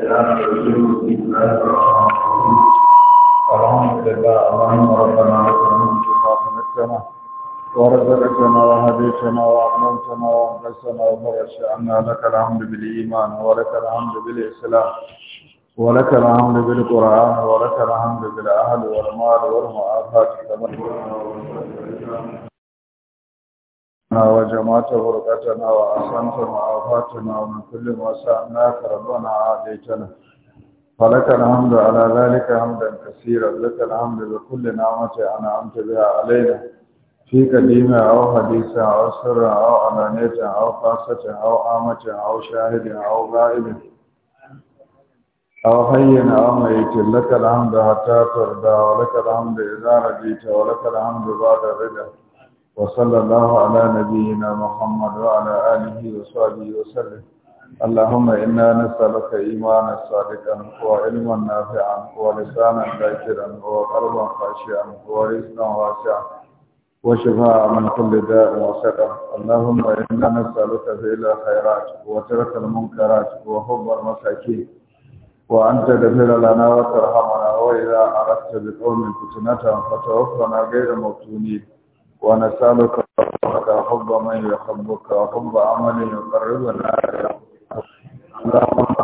الحمد لله اللهم ربنا لك الحمد وأحمدتنا ورزقتنا وهديتنا وأعلمتنا وأنقذتنا وفرجتنا لك الحمد بالإيمان ولك الحمد بالإسلام ولك الحمد بالقرآن ولك الحمد بالأهل والمال والمعافاة وجمعت بركتنا وأحسنت معافاتنا ومن كل ما سألناك ربنا عاديتنا فلك الحمد على ذلك حمدا كثيرا لك الحمد بكل نعمة أنعمت بها علينا في قديمة أو حديثة أو سر أو علانية أو خاصة أو عامة أو شاهد أو غائب أو حي أو ميت لك الحمد حتى ترضى ولك الحمد إذا رجيت ولك الحمد بعد رضا وصلى الله على نبينا محمد وعلى آله وصحبه وسلم اللهم إنا نسألك إيمانا صادقا وعلما نافعا ولسانا ذاكرا وقلبا خاشعا ورزقا واسعا وشفاء من كل داء وسقم اللهم إنا نسألك فعل الخيرات وترك المنكرات وحب المساكين وأن تغفر لنا وترحمنا وإذا أردت بقوم فتنة فتوفنا غير مفتونين ونسألك حب من يحبك وحب عمل يقربنا إليك اللهم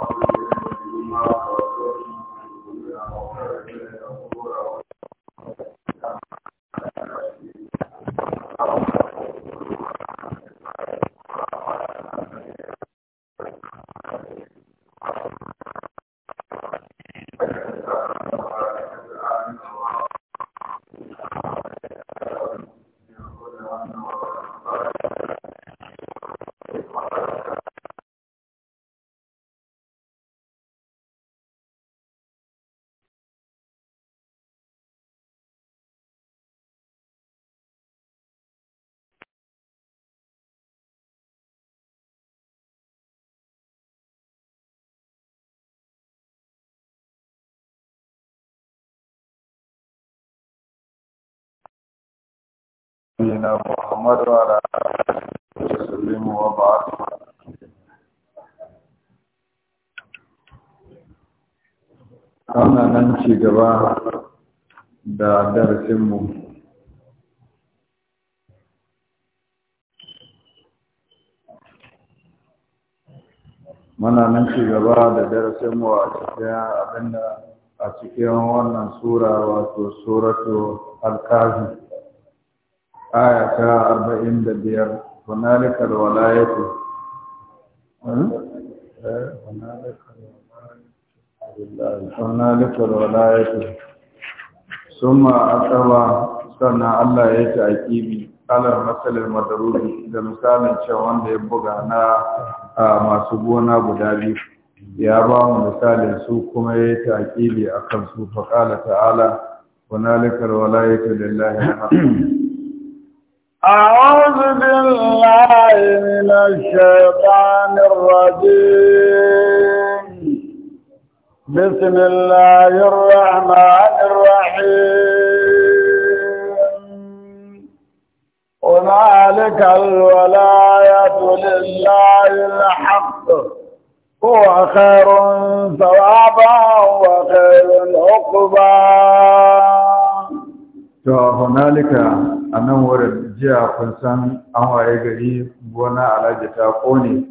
نبينا محمد وعلى وبعد nan جبا دا da darasinmu mana nan ci gaba da a cikin abinda a cikin wannan sura wato suratu alkazi aya ta arba'in da biyar hunalikal walayatu sun walayatu summa aqaba sannan Allah ya ci aqibi alar matsalar madarubi da misalin cewa wanda ya buga na a masu gona guda biyu ya ba mu misalin su kuma ya yi taƙili a kan su faƙala ta'ala wanalikar walayatu lillahi alhamdulillah أعوذ بالله من الشيطان الرجيم بسم الله الرحمن الرحيم هنالك الولاية لله الحق هو خير ثوابا وخير عقبا فهنالك أنور jiya kun san an waye gari gona alhaji ta kone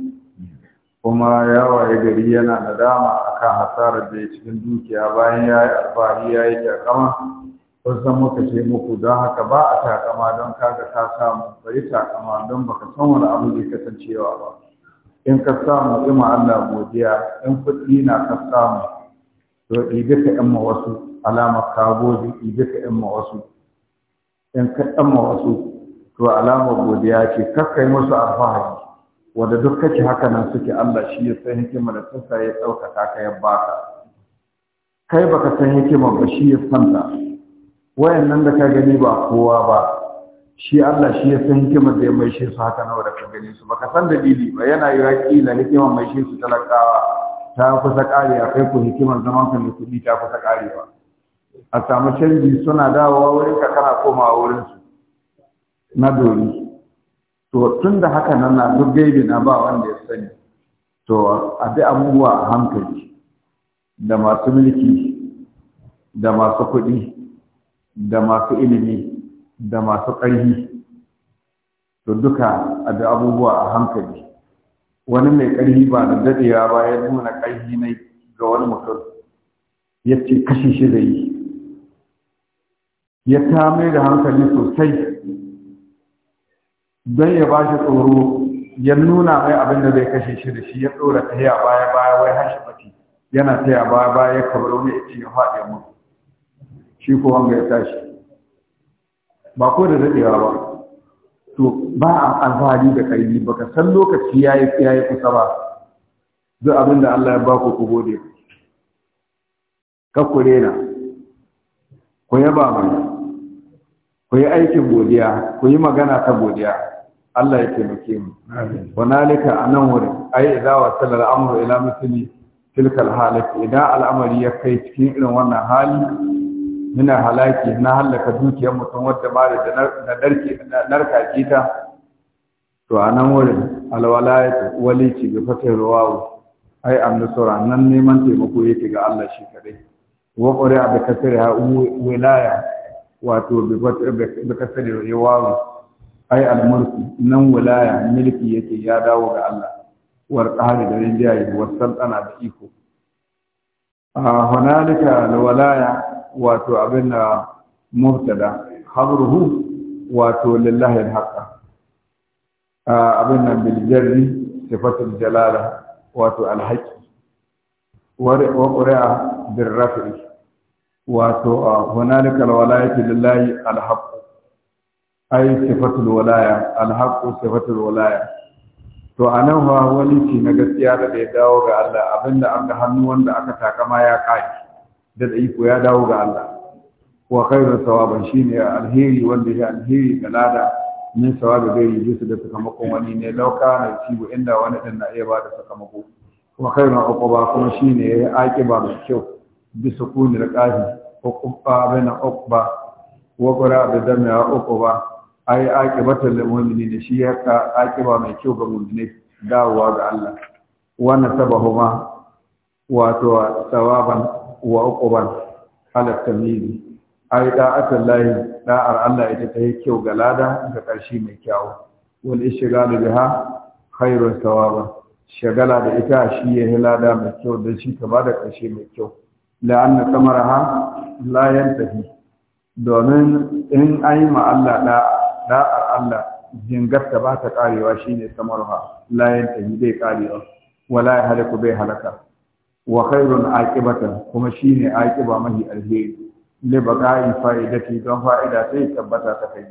kuma ya waye gari yana nadama akan hasarar da ya cikin dukiya bayan ya yi alfahari ya yi takama kun san muka ce muku don haka ba a takama don kaga ka samu bai takama don baka san wani abu zai kasancewa ba in ka samu ima Allah godiya in kuɗi na ka samu to ɗibi ka ‘yan wasu alamar ka gode ɗibi ka ‘yan wasu in ka ‘yan wasu to alama godiya ce kakkai musu alfahari wanda duk kake haka nan suke Allah shi ya san hikima da tsasa ya ɗaukaka ka ya baka kai baka san hikima ba shi ya san ta wayannan da ka gani ba kowa ba shi Allah shi ya san hikimar da ya mai shi su haka nawa da ka gani su baka san dalili ba yana yi raƙi na hikimar mai shi su talakawa ta kusa a kai ku hikimar zaman ka mai kuɗi ta kusa ƙarewa a samu canji suna dawowa wurin ka kana komawa wurin su na dori to tun da haka nan na duk gaibi na ba wanda ya sani to a bi abubuwa a hankali da masu mulki da masu kuɗi da masu ilimi da masu ƙarfi to duka a bi abubuwa a hankali wani mai ƙarfi ba da daɗewa ba ya nuna ƙarfi na ga wani mutum ya ce kashi shi da yi ya ta mai da hankali sosai don ya ba shi tsoro ya nuna mai abin da zai kashe shi da shi ya tsora ta ya baya baya wai hashi mafi yana ta ya baya baya ya kabar wani ya ce ya faɗi mu shi ko wanga ya tashi ba ko da daɗewa ba to ba a alfahari da ƙarfi ba ka san lokaci ya yi kusa ba duk abin da Allah ya ba ku ku gode ku rena ku yaba mai ku yi aikin godiya ku yi magana ta godiya Allah ya taimake mu a anan wurin ai idza wasala al-amru ila mutumi tilkal al idan al'amari ya kai cikin irin wannan hali muna halaki na halaka dukiyar mutum wadda ba da na darke narka ce ta to anan wurin alwalayat walici bi fatin ruwawu ai annusura nan neman taimako yake ga Allah shi kadai wa qari'a bi ha wilaya wato bi fatin bi kasri ruwawu ai almulki nan wilaya mulki yake ya dawo ga Allah war qahari da rinjaye war sultana da iko a hunalika al wato abin da mubtada khabruhu wato lillahi al-haqqa abin nan bil jarri sifatul jalala wato al wa qura bil raf'i wato hunalika al lillahi al ai sifatul walaya alhaqu sifatul walaya to anan fa ci na gaskiya da ya dawo ga Allah abinda an ga hannu wanda aka takama ya kai da iko ya dawo ga Allah wa khairu sawaban shine alheri wanda ya alheri ga lada min sawabi da yi su da sakamakon wani ne lauka na go inda wani din na iya ba da sakamako wa khairu uquba kuma shine ya aqiba da kyau bisa kunir qahi uquba bana uquba wa qara da dana uquba ai aqibatan lil mu'minin shi ya ka aqiba mai kyau ga mu'mini dawowa ga Allah wa nasabahuma wato sawaban wa uquban ala tamyiz ai da'atan lahi da'ar Allah ita ta yi kyau ga lada ga karshe mai kyau wal ishghalu biha khairun sawaba shagala da ita shi ya lada mai kyau da shi ka bada karshe mai kyau la'anna samaraha la yantahi domin in ai ma Allah da'a da'ar Allah jingarta ba ta karewa shine Layin ta yi bai karewa wala ya halaku bai halaka wa khairun aqibatan kuma shi shine aqiba mahi alheri li fa'ida fa'idati don fa'ida sai tabbata ta kai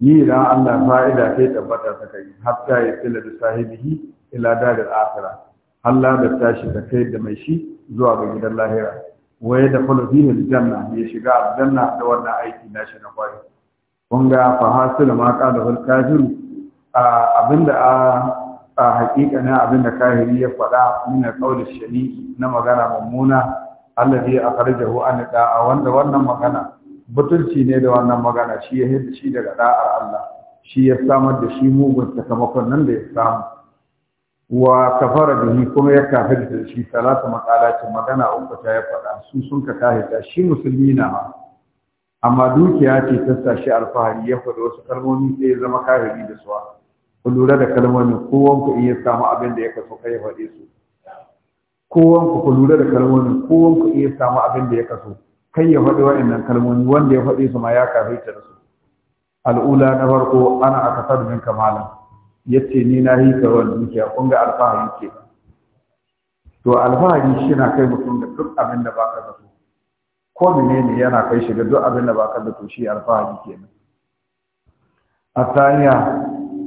yi da Allah fa'ida sai tabbata ta kai hatta ya tsila da sahibihi ila dalil akhira Allah da tashi da kai da mai shi zuwa ga gidan lahira waye da kullu fihi aljanna ya shiga aljanna da wannan aiki na shi na kwari kun ga fa maka ma da wal abinda a na abinda kahiri ya faɗa na qawl shani na magana mummuna alladhi jahu an A wanda wannan magana butulci ne da wannan magana shi ya hidda shi daga da'ar Allah shi ya samar da shi mugun sakamakon nan da ya samu wa kafara ni kuma ya da shi salatu maqalatin magana uku ta ya faɗa su sun ka kahita shi musulmi na ma amma dukiya ce ta sashi alfahari ya faɗi wasu kalmomi sai ya zama kahiri da suwa ku lura da kalmomin kowan ku in ya samu abin da ya kaso kai ya faɗe su kowan ku ku lura da kalmomin kowan ku in ya samu abin da ya kaso kai ya faɗi wa'annan kalmomi wanda ya faɗe su ma ya kafirta da su al'ula na farko ana akasar min kamala yace ni na yi karuwar dukiya kun ga alfahari ke to alfahari shi na kai mutum da duk abin da baka zato ko menene yana kai shiga duk abin da baka da to alfahari kenan a tsaniya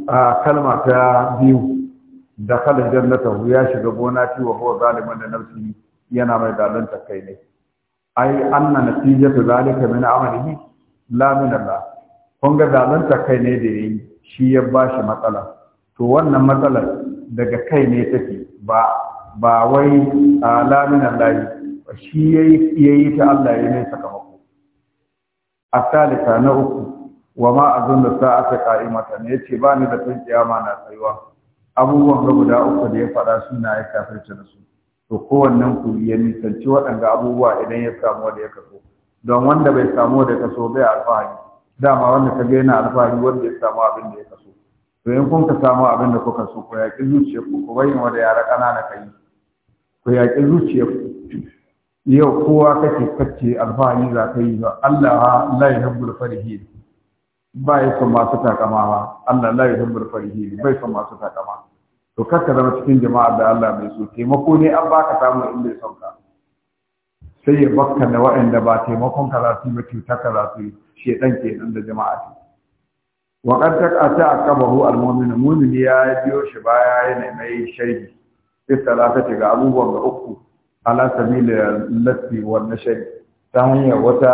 a kalma ta biyu da kala jannata ya shiga gona ci wa huwa zaliman da nafsi yana mai zalunta kai ne ai anna natijatu zalika min amalihi la min Allah kun ga zalunta kai ne da yayi shi ya ba shi matsala to wannan matsalar daga kai ne take ba ba wai alamin Allah shi ya yi ta Allah ya mai sakamako a salisa na uku wa ma a zun da sa'ata ka'imata ne ya ce ba ni da tun kiyama na tsayuwa abubuwan ga guda uku da ya faɗa suna ya kafirce da su to kowannen ku ya nisanci waɗanda abubuwa idan ya samu da ya kaso don wanda bai samu da kaso bai alfahari dama wanda ka ga yana alfahari wanda ya samu abin da ya kaso to in kun ka samu abin da kuka so ku yaƙi zuciyarku ku bayyana da yara ƙanana kai ku yaƙi zuciyarku yau kowa kake kacce alfahari za ka yi ba Allah la yuhibbul farihi ba ya son masu takama ba Allah la yuhibbul farihin bai son masu takama to kar ka zama cikin jama'a da Allah bai so taimako ne an baka samu in bai son ka sai ya bakka da waɗanda ba taimakon ka za su yi ba cutar ka za su yi shedan kenan da jama'a ce wa a taqata aqabahu al-mu'min mu'min ya biyo shi baya yana mai sharhi sai talata ga abubuwan ga uku ala sabila lafi wannan nashar ta hanyar wata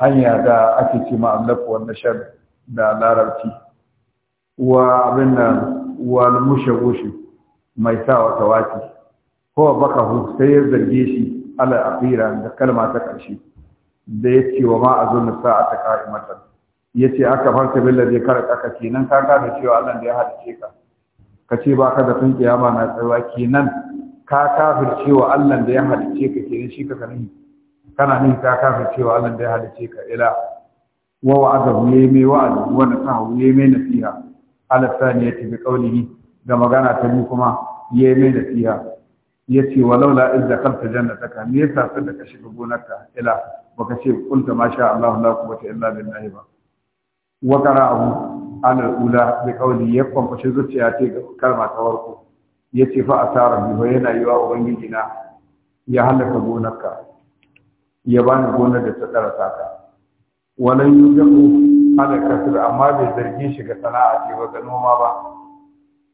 hanya da ake ce ma allafi wa nashar da larabci wa abin nan wa mushe mai sa wata waki ko baka hu sai ya zarge shi ala akhira da kalma ta karshe da ya ce wa ma a zo na sa'a ta ya ce aka farka billa zai kar tsaka kenan ka da cewa allah da ya halice ka ka ce ba ka da tunkiya kiyama na tsawa kenan ka kafirce wa Allah da ya halice ka kenan shi ka kanin kana nin ka kafirce wa Allah da ya halice ka ila wa wa'adahu yayi mai wa'azi wa nasahu yayi mai nasiha ala tafi bi ni. da magana ta bi kuma yayi mai nasiha Ya ce wa yace walaula iz ta jannataka me yasa sai da ka shiga gonarka ila baka ce kunta masha Allah la quwwata illa billahi ba wa qara'ahu ala ula bi qawli Ya fashe zuciya ce ga kalma ta warko ya ce fa a tara biyu yana yi wa ubangiji na ya halaka gonarka ya bani gonar da ta tsara taka walan yi mu halaka kasar amma bai zargi shi ga sana'a ce ba ga noma ba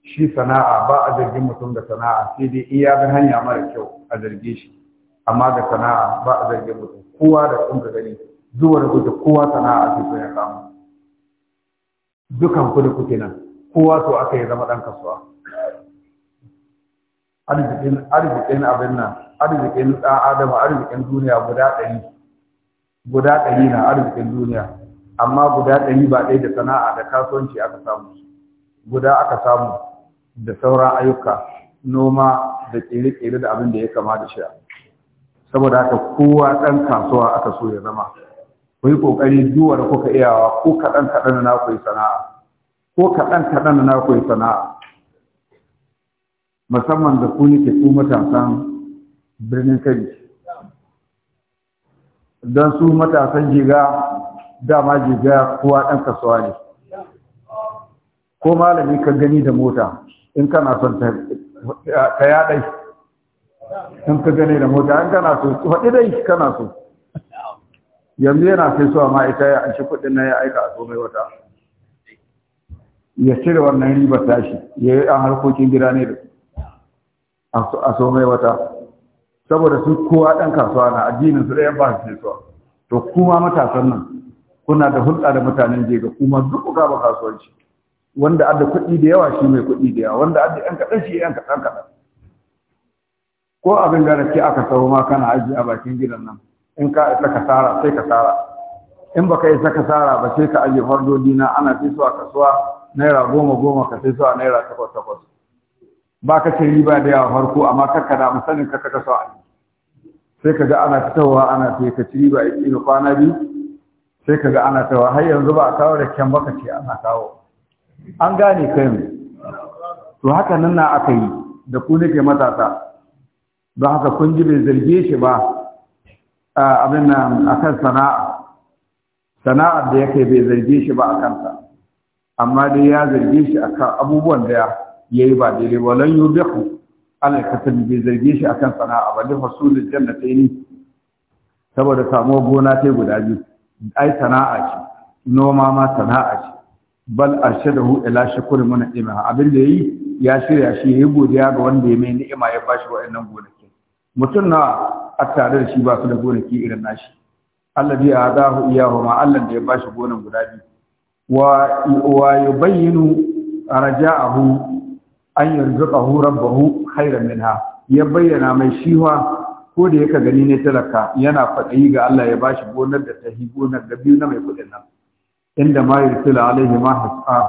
shi sana'a ba a zargin mutum da sana'a sai dai iya ga hanya mara kyau a zarge shi amma ga sana'a ba a zargin mutum kowa da sun ga gani zuwa da kuke kowa sana'a ce sun ya kama dukan ku da kuke nan kowa to aka yi zama ɗan kasuwa arzikin arzikin abin nan arzikin ɗan adam arzikin duniya guda ɗari guda ɗari na arzikin duniya amma guda ɗari ba ɗaya da sana'a da kasuwanci aka samu guda aka samu da sauran ayyuka noma da ƙere-ƙere da abin da ya kama da saboda haka kowa ɗan kasuwa aka so ya zama ku yi ƙoƙari da kuka iyawa ko kaɗan kaɗan na ku yi sana'a ko kaɗan kaɗan na ku yi sana'a musamman da ku ke kuma matasan birnin kari don su matasan jiga dama jiga kowa ɗan kasuwa ne ko malami ka gani da mota in kana son ta yaɗai in ka gani da mota in kana so faɗi dai kana so yanzu yana sai so amma ita ya ci kuɗin na ya aika a so mai wata ya cire wannan ribar tashi ya yi ɗan harkokin gida ne da a so mai wata saboda su kowa ɗan kasuwa na addinin su ɗaya ba su kasuwa to kuma matasan nan kuna da hulɗa da mutanen ga kuma duk ga ba kasuwanci wanda adda kuɗi da yawa shi mai kuɗi da yawa wanda adda ɗan kaɗan shi ɗan kaɗan kaɗan ko abin da ke aka sauro ma kana aji a bakin gidan nan in ka isa ka tsara sai ka tsara in baka isa ka tsara ba sai ka aje fardodi na ana sai su a kasuwa naira goma goma ka sai su a naira takwas takwas ba ka ce riba da yawa farko amma karka da musanin ka kaka yi sai ka ga ana fitowa ana sai ka ci riba kwana biyu sai ka ga ana tawa har yanzu ba a kawo da kyan baka ce ana kawo an gane kai mu to haka nan na aka yi da ku nake matasa don haka kun ji bai zarge shi ba abin nan akan sana'a sana'ar da yake bai zarge shi ba a kanta amma dai ya zarge shi akan abubuwan da ya yayi ba daidai ba lan yubihu ala kasar bai zarge shi akan sana'a ba da fasulul jannatayn saboda samuwar gona ta guda biyu ai sana'a ce noma ma sana'a ce bal arshadahu ila shukri mana ni'ima abin da ya yi ya shirya shi yayi godiya ga wanda ya mai ni'ima ya bashi wa'annan gonakin mutum na a da shi ba su da gonaki irin nashi Allah bi adahu iyahu ma Allah da ya bashi gonan guda biyu wa wa a raja'ahu an yanzu ƙahurar bahu hairan minha ya bayyana mai shiwa ko da yaka gani ne talaka yana faɗayi ga Allah ya ba shi gonar da ta hi gonar da biyu na mai kuɗin nan inda ma yursila alaihi ma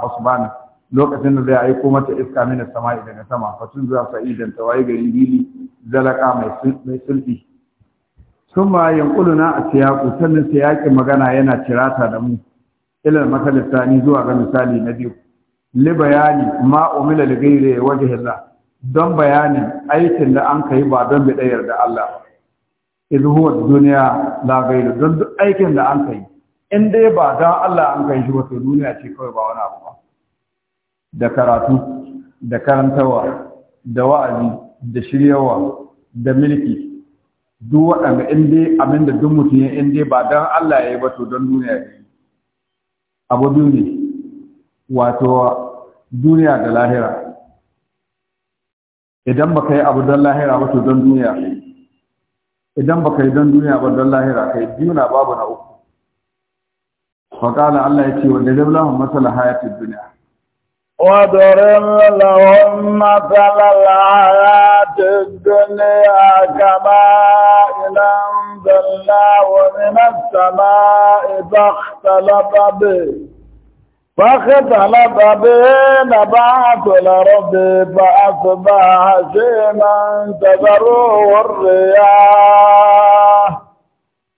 hasbana ah, lokacin da zai aiko mata iska min sama'i daga sama fatun zuwa sa'idan tawaye gari gili zalaka mai mai sulbi kuma yankuluna a tsayaku, sannan siyakin magana yana cirata da mu ilal makalistani zuwa ga misali na biyu li bayani ma umila li wajhi Allah don bayanin aikin da an kai ba don bidai yarda Allah ba idh huwa duniya la ghairu don duk aikin da an kai in dai ba don Allah an kai shi ba to duniya ce kawai ba wani abu ba da karatu da karantawa da wa'azi da shiryawa da mulki duk waɗanda in dai abinda duk mutum ya in dai ba don Allah ya yi ba to don duniya ya yi abu biyu ne wato duniya da lahira idan baka yi abu don lahira ba to don duniya kai idan baka yi don duniya ba don lahira kai biyu na babu na uku faƙala Allah ya ce wanda zai lahun matsala hayatun duniya matsala لهم duniya الحياة الدنيا zalla wani na sama فاختلط به فاختلط بين بعث الأرض فأصبح هشيما تذروه الرياح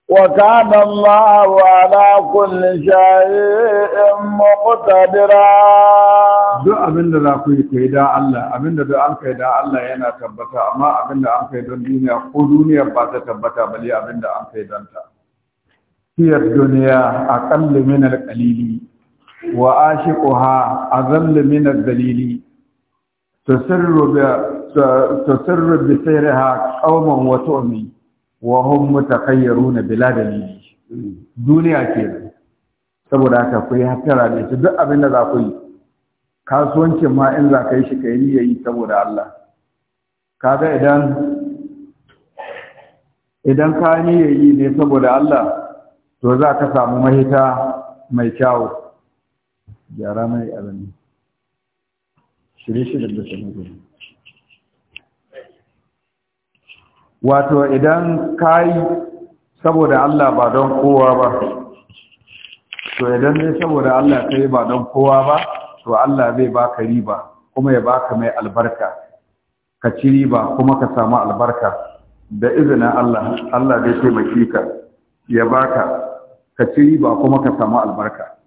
وكان الله على كل شيء مقتدرا duk abin da za ku yi kai da Allah abin da duk an kai da Allah yana tabbata amma abin da an kai don duniya ko duniya ba ta tabbata bale abin da an kai don ta duniya aqallu wa ashiquha azall min ad-dalili tasarru bi tusirru bi sayriha qauman wa tu'mi wa hum mutakayyiruna bila dalili duniya ce saboda haka ku hatara ne duk abin da za ku yi kasuwancin ma in za ka yi shi ka yi yayi saboda Allah kaga idan idan ka yi ne saboda Allah to za ka samu mahita mai kyau. gyara mai abin shirye-shirye da sanarwa wato idan ka yi saboda Allah ba don kowa ba to idan ne saboda Allah ka yi ba don kowa ba to Allah zai baka riba kuma ya baka mai albarka ka ci riba kuma ka samu albarka da izinin Allah Allah zai taimaki ka ya baka ka ci riba kuma ka samu albarka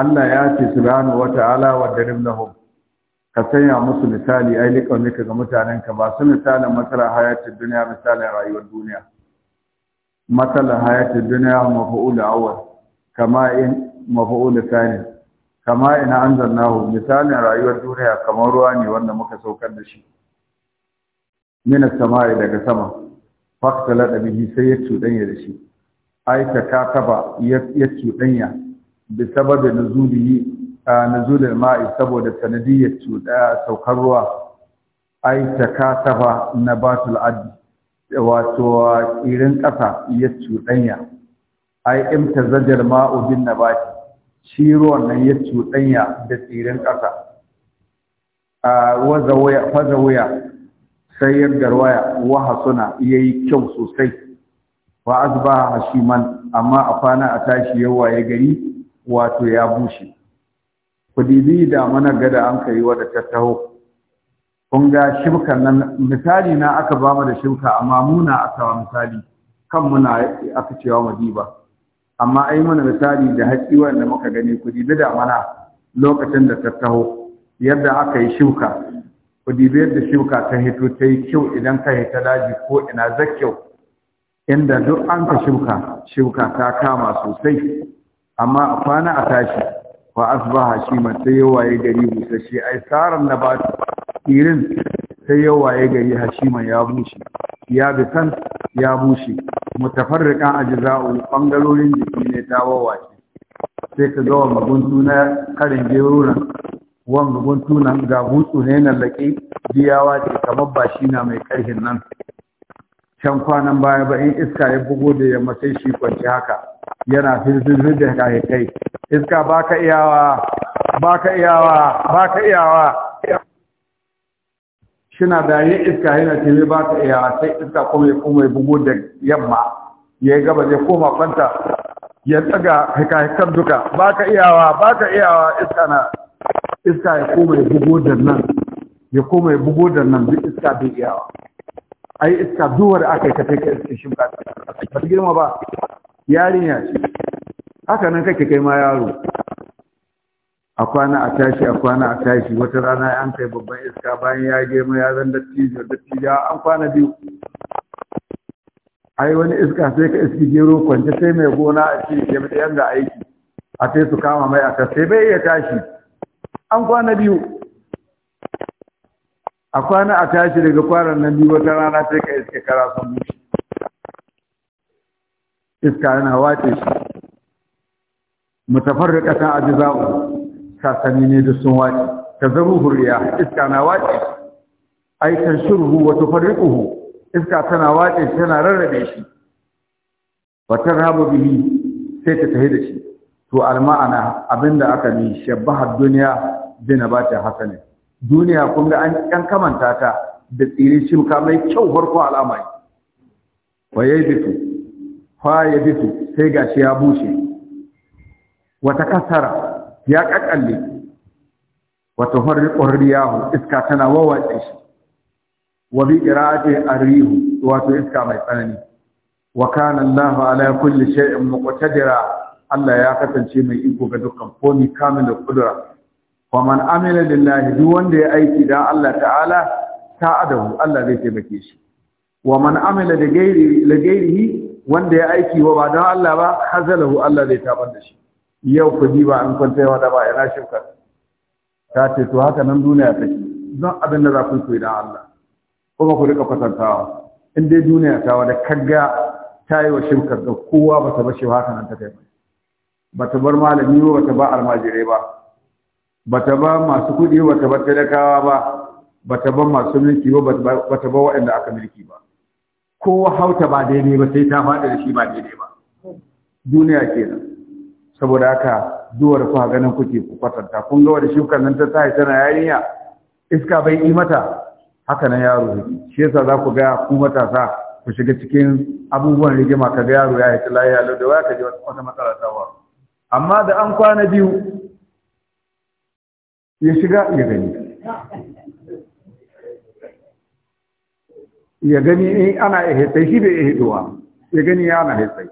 Allah ya ce subhanahu wata'ala wa darib lahum ka sanya musu misali ai liƙaunika ga mutanenka ba su misalin matsalar hayatin duniya misalin rayuwar duniya matsalar hayatin duniya mafu'ul awwal kama in mafu'ul sani kama ina an zannahu misalin rayuwar duniya kamar ruwa ne wanda muka saukar da shi mina sama'i daga sama faktala da bihi sai ya cuɗanya da shi ai ta kakaba ya tudanya bi sababi nuzulihi nuzulil ma'i saboda sanadiyyar cuɗa saukar ruwa ai takasafa nabatul adi wato irin ƙasa ya cuɗanya ai imtazajar ma'u bin nabati shi ruwan nan ya cuɗanya da tsirin ƙasa a waza waya faza waya sai ya garwaya wa hasuna yayi kyau sosai fa asbaha hashiman amma a kwana a tashi yawa ya gari wato ya bushe ku dibi da mana gada an ka yi wa da tattaho kun ga nan misali na aka ba mu da shimka, amma muna aka wa misali kan muna aka cewa mu diba amma ai mana misali da haƙi wanda muka gani ku dibi da mana lokacin da tattaho yadda aka yi shimka, ku dibi yadda shimka ta hito ta yi kyau idan ka hita daji ko ina zakkyau inda duk an ka shimka, shimka ta kama sosai amma a kwana a tashi fa asbaha Hashi man sai ya waye gari busasshe ai tsarin na ba irin sai ya waye gari mai ya bushe ya san ya bushe aji ajza'u bangarorin jiki ne ta wawace sai ka ga wannan na karin geruran wani guntu na ga butsu ne na laƙi biyawa ce kamar ba shi na mai ƙarfin nan can kwanan baya ba in iska ya bugo da yamma sai shi kwanci haka yana firzirzir da kai kai iska ba ka iyawa ba ka iyawa ba ka iyawa shina da yi iska yana ba ka iyawa sai iska kuma ya kuma ya bugo da yamma ya yi gaba zai koma kwanta ya tsaga hikahikan duka ba ka iyawa ba ka iyawa iska na iska ya kuma ya bugo da nan ya kuma ya bugo da nan duk iska bai iyawa Ayi iska duwar aka yi tafi ka iske shimka ba girma ba yarinya ce haka nan kake kai ma yaro a kwana a tashi a kwana a tashi wata rana an kai babban iska bayan ya girma ya zan dattijo dattijo an kwana biyu Ayi wani iska sai ka iski gero kwance sai mai gona a ce ya mutu yanga aiki a sai su kama mai a sai bai iya tashi an kwana biyu a kwana a tashi daga kwanan nan biyu wata rana sai ka iske kara sun bushe iska yana wace shi a ji ajiza'u sasani ne da sun wace Ka zaru huriya iska na wace ai kan shurhu wa tufarriquhu iska tana wace shi tana rarrabe shi Wata rabu bihi sai ta tafi da shi to alma'ana abinda aka ni shabbaha duniya bi nabati hasanin duniya kun ga an ɗan kamanta ta da tsiri shimka mai kyau farko al'amari wa ya bitu fa ya bitu sai gashi ya bushe wata kasara ya ƙaƙalle wata horriyahu iska tana wawace shi wa bi a arihu wato iska mai tsanani wa kana Allah ala kulli shay'in muqtadira Allah ya kasance mai iko ga dukkan komai kamin da kudura faman amila lillahi duk wanda ya aiki dan Allah ta'ala ta'adahu Allah zai taimake shi wa man amila da gairi la gairihi wanda ya aiki wa ba dan Allah ba hazalahu Allah zai tabar da shi yau ku ba an kwanta yawa da ba yana shirka ta ce to haka nan duniya take don abin da za ku koyi dan Allah kuma ku rika kwatantawa in dai duniya ta wada kagga ta yi wa shirkar da kowa ba ta bashi haka nan ta kai ba ta bar malami ba ba ta ba almajirai ba bata ba masu kuɗi ba bata ba talakawa ba bata ba masu mulki ba bata ba waɗanda aka mulki ba kowa hauta ba daidai ba sai ta faɗi da shi ba daidai ba duniya kenan saboda haka duwar ku ganin kuke ku kwatanta kun ga wani shukar nan ta sai tana yarinya iska bai yi mata haka nan yaro yake shi yasa za ku ga ku matasa ku shiga cikin abubuwan rigima ka ga yaro ya yi ta lafiya lau da waya ka ji wata matsala ta amma da an kwana biyu ya shiga ya gani ya gani in ana ehetai shi bai ehetuwa ya gani ya ana ehetai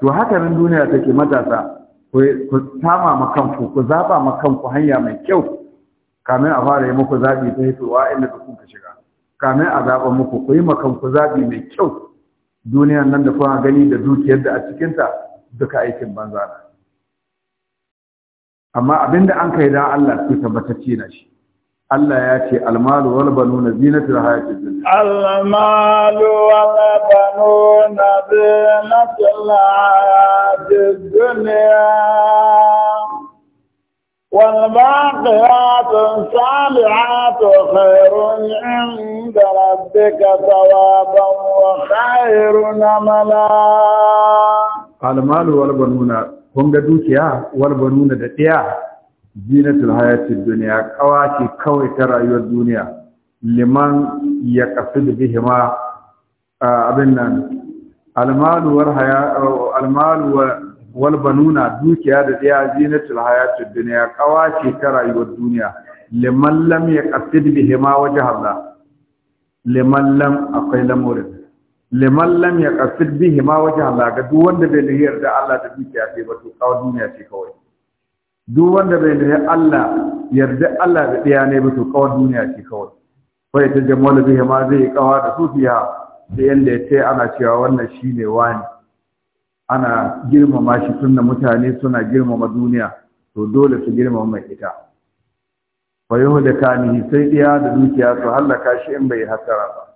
to haka nan duniya take matasa ku tama makanku ku zaba makanku hanya mai kyau kamin a fara yi muku zaɓi ta hitowa inda ka kuka shiga kamin a zaɓa muku ku yi makanku zaɓi mai kyau duniyan nan da kuma gani da dukiyar da a cikinta duka aikin banza na amma abinda an kai dan Allah to tabbatacce na shi Allah ya ce almalu wal banuna zinatul hayatid dunya almalu wal banuna zinatul hayatid dunya والباقيات الصالحات خير عند ربك ثوابا وخير املا المال والبنون kun ga dukiya warba nuna da ɗaya zinatul hayatid duniya kawa ce kawai ta rayuwar duniya liman ya kafi da bihima abin nan almalu wal haya almalu wal banuna dukiya da ɗaya zinatul hayatid duniya kawa ce ta rayuwar duniya liman lam ya kafi da bihima wajhallah liman lam akwai lamurin liman lam yaqsid bihi ma waje Allah ga duk wanda bai lihiyar da Allah da dukiya sai ba to kawai duniya ce kawai duk wanda bai lihiyar Allah yarda Allah da ɗaya ne ba to kawai duniya ce kawai wai ta jama'a bihi ma zai kawa da sufiya sai yanda ya ce ana cewa wannan shine wani ana girmama shi tunda mutane suna girmama duniya to dole su girmama ita fa kani sai diya da dukiya su hallaka shi in bai hasara ba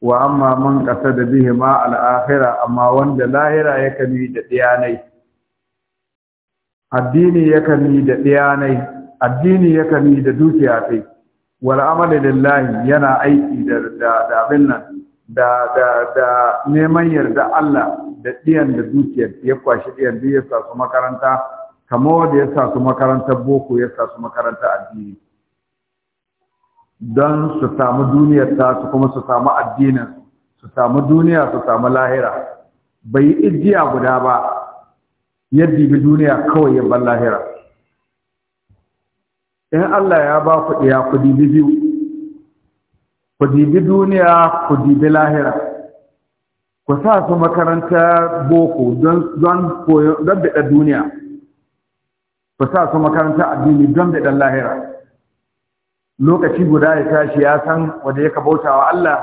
wa amma man kasa da bihi ma al'akhira amma wanda lahira ya da ɗiyanai addini ya da diyanai addini ya da dukiya wal amali lillahi yana aiki da da abin nan da da da neman yarda Allah da ɗiyan da dukiyar ya kwashi ɗiyan duk ya sa su makaranta kamar wanda ya sa su makarantar boko ya sa su makarantar addini don su samu duniyar ta su kuma su samu addinin su samu duniya su samu lahira bai yi ijiya guda ba yadda bi duniya kawai yin ban lahira in Allah ya ba ku ɗaya ku dibi biyu ku dibi duniya ku dibi lahira ku sa su makaranta boko don koyo don biɗa duniya ku sa su makaranta addini don biɗa lahira lokaci guda ya tashi ya san wanda ya kabauta wa Allah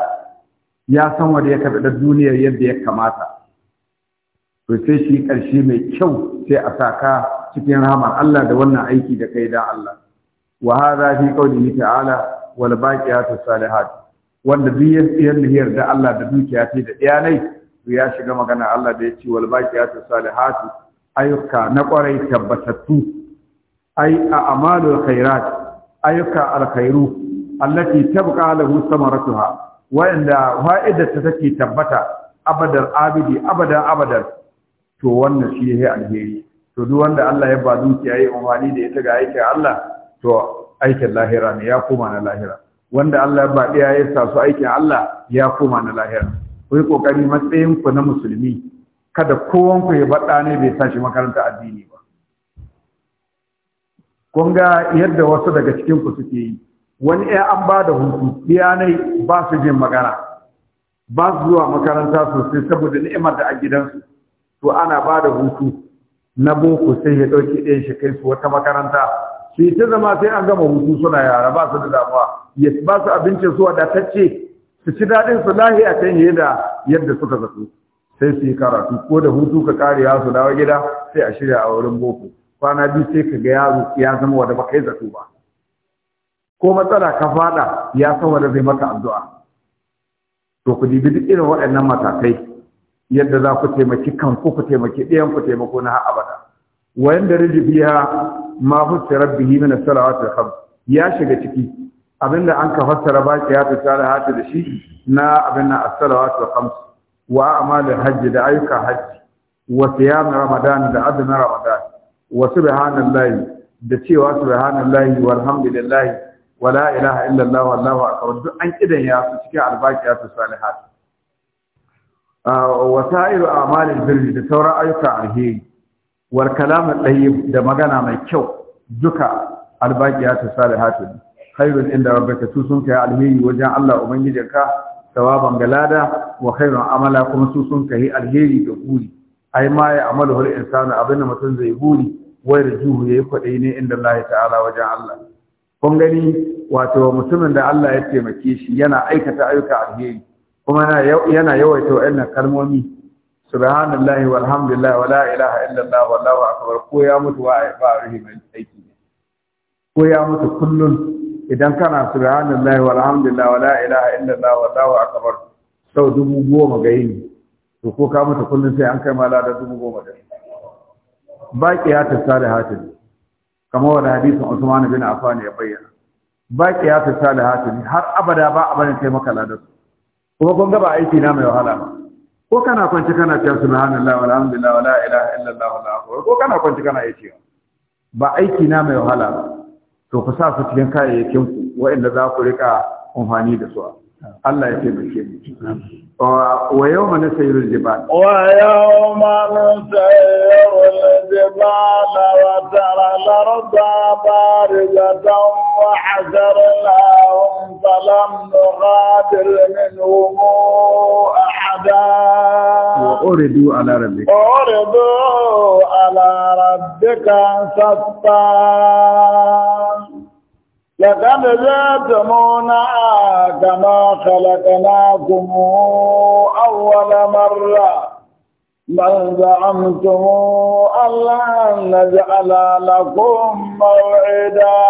ya san wanda ya da duniyar yadda ya kamata to sai shi ƙarshe mai kyau sai a sa ka cikin rahama Allah da wannan aiki da kai da Allah wa hadha fi qawli ta'ala wal baqiyatus salihat wanda duk yadda da Allah da dukiya ce da iyalai to ya shiga magana Allah da ya ce wal baqiyatus salihat ayyuka na kwarai tabbatattu ai a amalul khairat ayyuka alkhairu allati tabqa lahu samaratuha wa'inda fa'idar ta take tabbata abadar abidi abadan abadar to wannan shi yayi alheri to duk wanda Allah ya ba dukiya yayi amfani da ita ga aikin Allah to aikin lahira ne ya koma na lahira wanda Allah ya ba ya sa su aikin Allah ya koma na lahira ku yi kokari matsayin ku na musulmi kada kowan ku ya baɗa ne bai tashi shi makaranta addini ba kun ga yadda wasu daga cikin ku suke yi wani ya an ba da hutu iyanai ba su jin magana ba su zuwa makaranta sosai saboda ni'imar da a gidansu to ana ba da hutu na boko sai ya ɗauki ɗayan shi kai su wata makaranta su yi ta zama sai an gama hutu suna yara ba su da damuwa ya ba su abincin su wadatacce su ci daɗin su lahiya kan yi da yadda suka zato sai su yi karatu ko da hutu ka karewa su dawo gida sai a shirya a wurin boko kwana biyu sai ka ga yaro ya zama wanda baka yi zato ba ko matsala ka fada ya san wanda zai maka addu'a to ku dibi duk irin waɗannan matakai yadda za ku taimaki kanku ku taimaki ɗayan ku taimako na abada rijibi ya ma fassara bihi min as-salawat al ya shiga ciki abinda an ka fassara ba ya ta tsara hata da shi na abin na as-salawat al-khams wa a'mal hajji da ayyuka hajji wa siyam ramadan da azumin ramadan wa subhanallahi da cewa subhanallahi walhamdulillahi wala ilaha illallah wallahu akbar duk an kidan ya su cikin ta salihat wa sa'iru a'malil birri da sauran ayyuka alheri wal kalam tayyib da magana mai kyau duka ta salihat khairun inda rabbaka su kai alheri wajen Allah ubangijinka sawaban galada wa khairun amala kuma su kai alheri da guri ai ma ya amalu hul insanu abinda mutum zai buri wai da juhu yayi kwadai ne inda Allah ta'ala wajen Allah kun gani wato mutumin da Allah ya taimake shi yana aikata ayyuka alheri kuma yana yawaita wa'annan kalmomi subhanallahi walhamdulillah wala ilaha illallah wallahu akbar ko ya mutu wa ba rahimai aiki ko ya mutu kullun idan kana subhanallahi walhamdulillah wala ilaha illallah wallahu akbar sau dubu goma ga yini to ko ka mutu kullum sai an kai ma lada dubu goma da baki ya ta sale hatin kamar wani hadisin Usman bin Affan ya bayyana baki ya ta sale hatin har abada ba a kai maka lada kuma kun ga ba aiki na mai wahala ba ko kana kwanci kana cewa subhanallahi walhamdulillah wala ilaha illallah wala akbar ko kana kwanci kana aiki ba aiki na mai wahala ba to ku sa su cikin kayayyakin ku waɗanda za ku rika amfani da su a. الله يتبك ويوم نسير الجبال ويوم نسير الجبال وترى الأرض بارجة وحسرناهم فلم نغادر منهم أحدا وأردوا على ربك أردوا على ربك صفا لقد جئتمونا كما خلقناكم أول مرة بل زعمتم أن نجعل لكم موعدا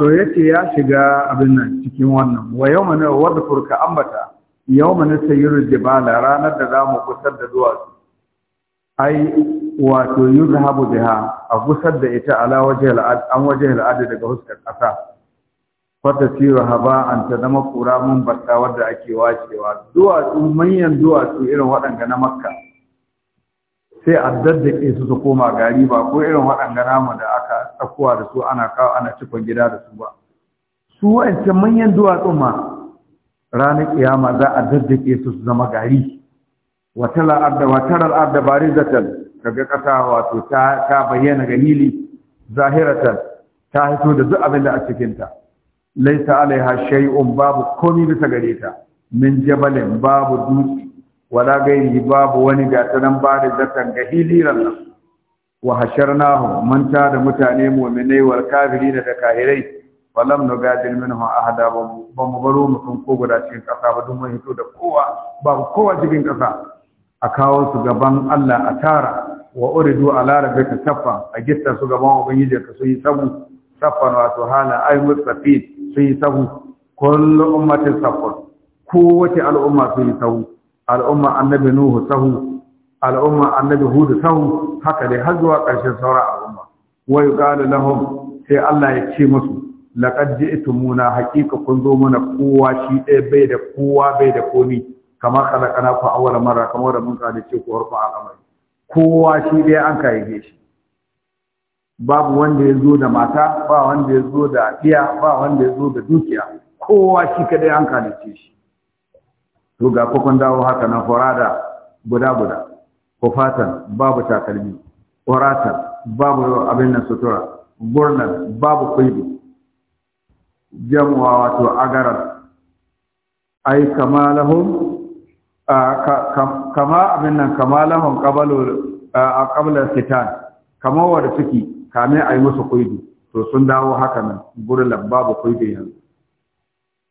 to yace ya shiga abin nan cikin wannan wa yau mana wadda furka ambata yau mana sayyidul jibala ranar da zamu kusar da duwatsu ai wato yuzhabu biha a gusar da ita ala wajhil an wajhil adi daga huskar kasa fata tiru haba an ta zama kura mun batta wadda ake wacewa duwatsu manyan duwatsu irin waɗanga na makka sai a da ke su koma gari ba ko irin waɗanga namu da aka tsakuwa da su ana kawo ana cikon gida da su ba su wa'ancan manyan duwatsu ma ranar kiyama za a daddake su su zama gari watalar arda barizatan kaga ƙasa wato ta ta bayyana ga hili zahiratan ta hito da duk abin da a cikin ta laita alaiha shay'un babu komi bisa gare ta min jabalin babu dutse wala gairi babu wani nan ba da zakan ga hiliran nan wa hasharnahu man ta da mutane mu'minai wal kafirin da kahirai falam nugadil minhu ahada ba mu baro mutum ko guda cikin kasa ba dun mun hito da kowa babu kowa cikin kasa a kawo su gaban Allah a tara wa uridu ala ta saffa a gistar su gaban ubangiji ka sun yi sabu saffan wato hala ay mustafid sun yi sabu Kullum ummatin saffan kowace al'umma sun yi sabu al'umma annabi nuhu sahu al'umma annabi hudu sahu haka dai har zuwa ƙarshen sauran al'umma Wai, yuqalu lahum sai Allah ya ce musu laqad ji'tumuna haqiqa kun zo mana kowa shi ɗaya bai da kowa bai da komi kama kana fa awwala marra kamar da mun ce ko harfa al'amari kowa shi dai an kayyade shi babu wanda ya zo da mata ba wanda ya zo da iya ba wanda ya zo da dukiya kowa shi kaɗai an kalice shi to ga kokon dawo haka na farada guda guda fatan babu takalmi ƙoratan babu abin nan sutura gurnan babu kwaibi jamuwa wato agarar ai kama lahum kama abin nan kama lahun a ƙabalar fitan kama da suke kame a yi musu kwaidu to sun dawo haka nan gurin babu kwaidu yanzu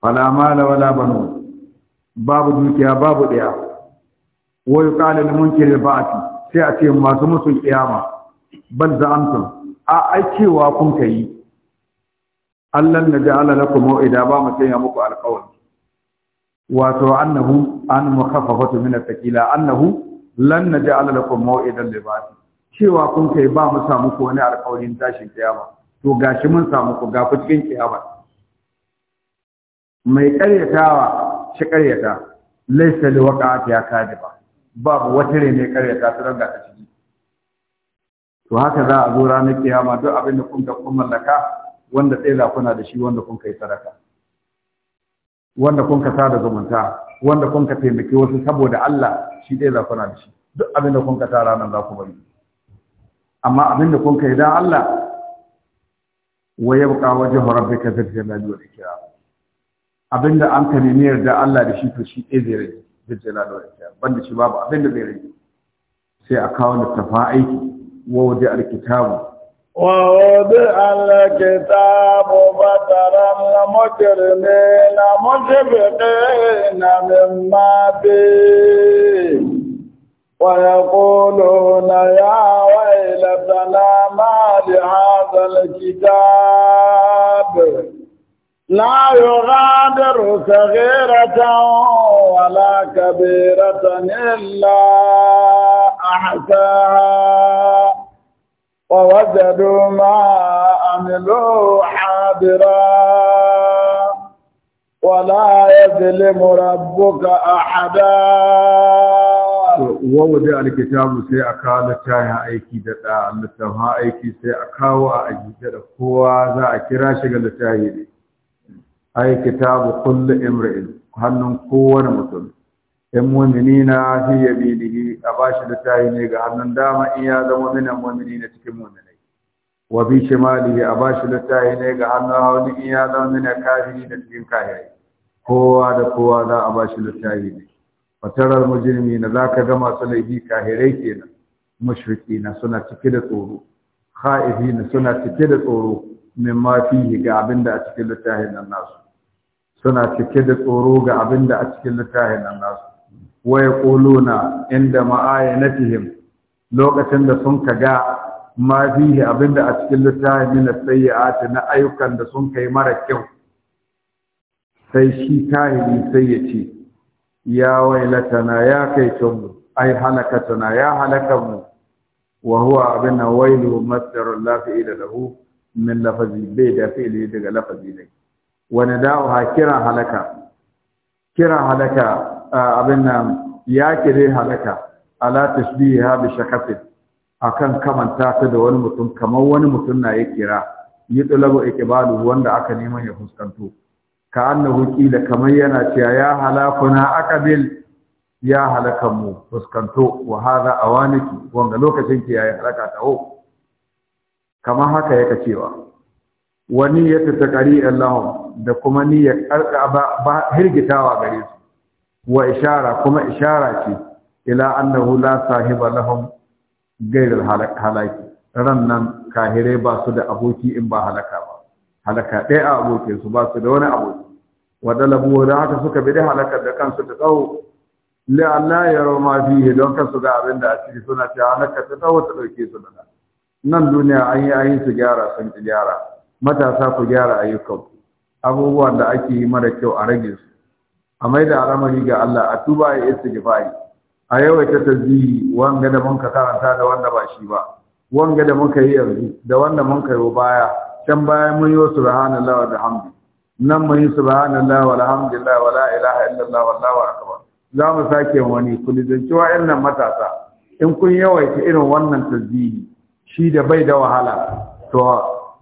fala mala wala banu babu dukiya babu ɗaya wa yuqalu ba a ba'ati sai a ce masu musu kiyama bal za'amtum a aikewa cewa kun kai Allah na ja'ala lakum mau'ida ba mu sanya muku alƙawari wato annahu an mukhaffafatu min al-thaqila annahu lan naj'ala lakum maw'idan libati cewa kun kai ba mu samu ku wani alƙawarin tashin kiyama to gashi mun samu ku ga cikin kiyama mai ƙaryatawa shi ƙaryata laysa li waqa'ati ya kadiba babu wata ne mai ƙaryata ta ranga ta ciki to haka za a zo ranar kiyama duk abin da kun ka kuma mallaka wanda tsaye za kuna da shi wanda kun kai sadaka wanda kun ka tara zumunta wanda kun ka taimaki wasu saboda Allah shi dai za kuna da shi duk abin da kun ka tara nan za ku bari amma abin da kun ka yi Allah wa yabqa wajhu rabbika dhul jalali wal ikram abin da an ka nemi yarda Allah da shi to shi dai zai rage dhul jalali wal ikram banda shi babu abin da zai rage sai a kawo littafin aiki wa wadi alkitabu ووضع الكتاب فترى المجرمين مشفقين مما فيه ويقولون يا ويلتنا ما لهذا الكتاب لا يغادر صغيرة ولا كبيرة إلا أحساها ووجدوا ما عملوا حاضرا ولا يظلم ربك أحدا ووضع al'kitabu sai aka lataya aiki da da ha aiki sai a kawo a ajiye da kowa za a kira shi ga littafi ne ai kitabu kullu imri'in hannun kowane mutum in mu'minina fi yaminihi a bashi littafi ne ga hannun dama in ya zama minan mu'mini na cikin mu'minai wa bi shimalihi a bashi littafi ne ga hannun hauni in ya zama minan kafiri da cikin kafiri kowa da kowa za a bashi littafi ne fatarar mujrimi na zaka ga masu laifi kafirai kenan mushriki na suna cike da tsoro khaifi na suna cike da tsoro ma fihi ga abinda a cikin littafin nan nasu suna cike da tsoro ga abinda a cikin littafin nan nasu wa yaquluna inda ma'ayanatihim lokacin da sun kaga ma fihi abinda a cikin littafin min sayyi'ati na ayyukan da sun kai mara kyau sai shi tahiri sai ya ce ya wailatana ya kai tunmu ai halakatana ya mu. wa huwa abinna wailu masdarul lafi'i da lahu min lafazi bai da fi'li daga lafazi ne wa nada'u ha kira halaka kira halaka abin nan ya kire halaka ala tashbiha bi shakati akan kamanta ta da wani mutum kamar wani mutum na ya kira yi dalabu ikibalu wanda aka neman ya fuskanto ka annahu qila kamar yana cewa ya halakuna aqbil ya halakan mu fuskanto wa hadha awaniki Wanda lokacin ki yayi halaka ta ho kamar haka yake cewa wani ya ta takari Allahum da kuma ni ya karka ba hirgitawa gare su wa ishara kuma ishara ce ila annahu la sahiba lahum ghayr halaki ran nan kahire ba su da aboki in ba halaka ba halaka ɗaya a abokin su ba su da wani aboki dalabu wa haka suka bi da halakar da kansu da tsawo anna yaro ma fiye don kansu ga abin da a ciki suna ta halaka ta tsawo ta dauke su da nan duniya an yi ayin su gyara sun ci gyara matasa ku gyara ayyukan abubuwan da ake yi mara kyau a rage su a mai da al'amari ga Allah a tuba ya istighfari a yawaita tasbihi wanga da mun ka karanta da wanda ba shi ba wanga da ka yi yanzu da wanda mun yi baya can baya mun yi subhanallahi wa bihamdi nan mun yi subhanallahi walhamdulillahi wala ilaha illallah wallahu akbar za mu sake wani wa nan matasa in kun yawaita irin wannan tasbihi shi da bai da wahala to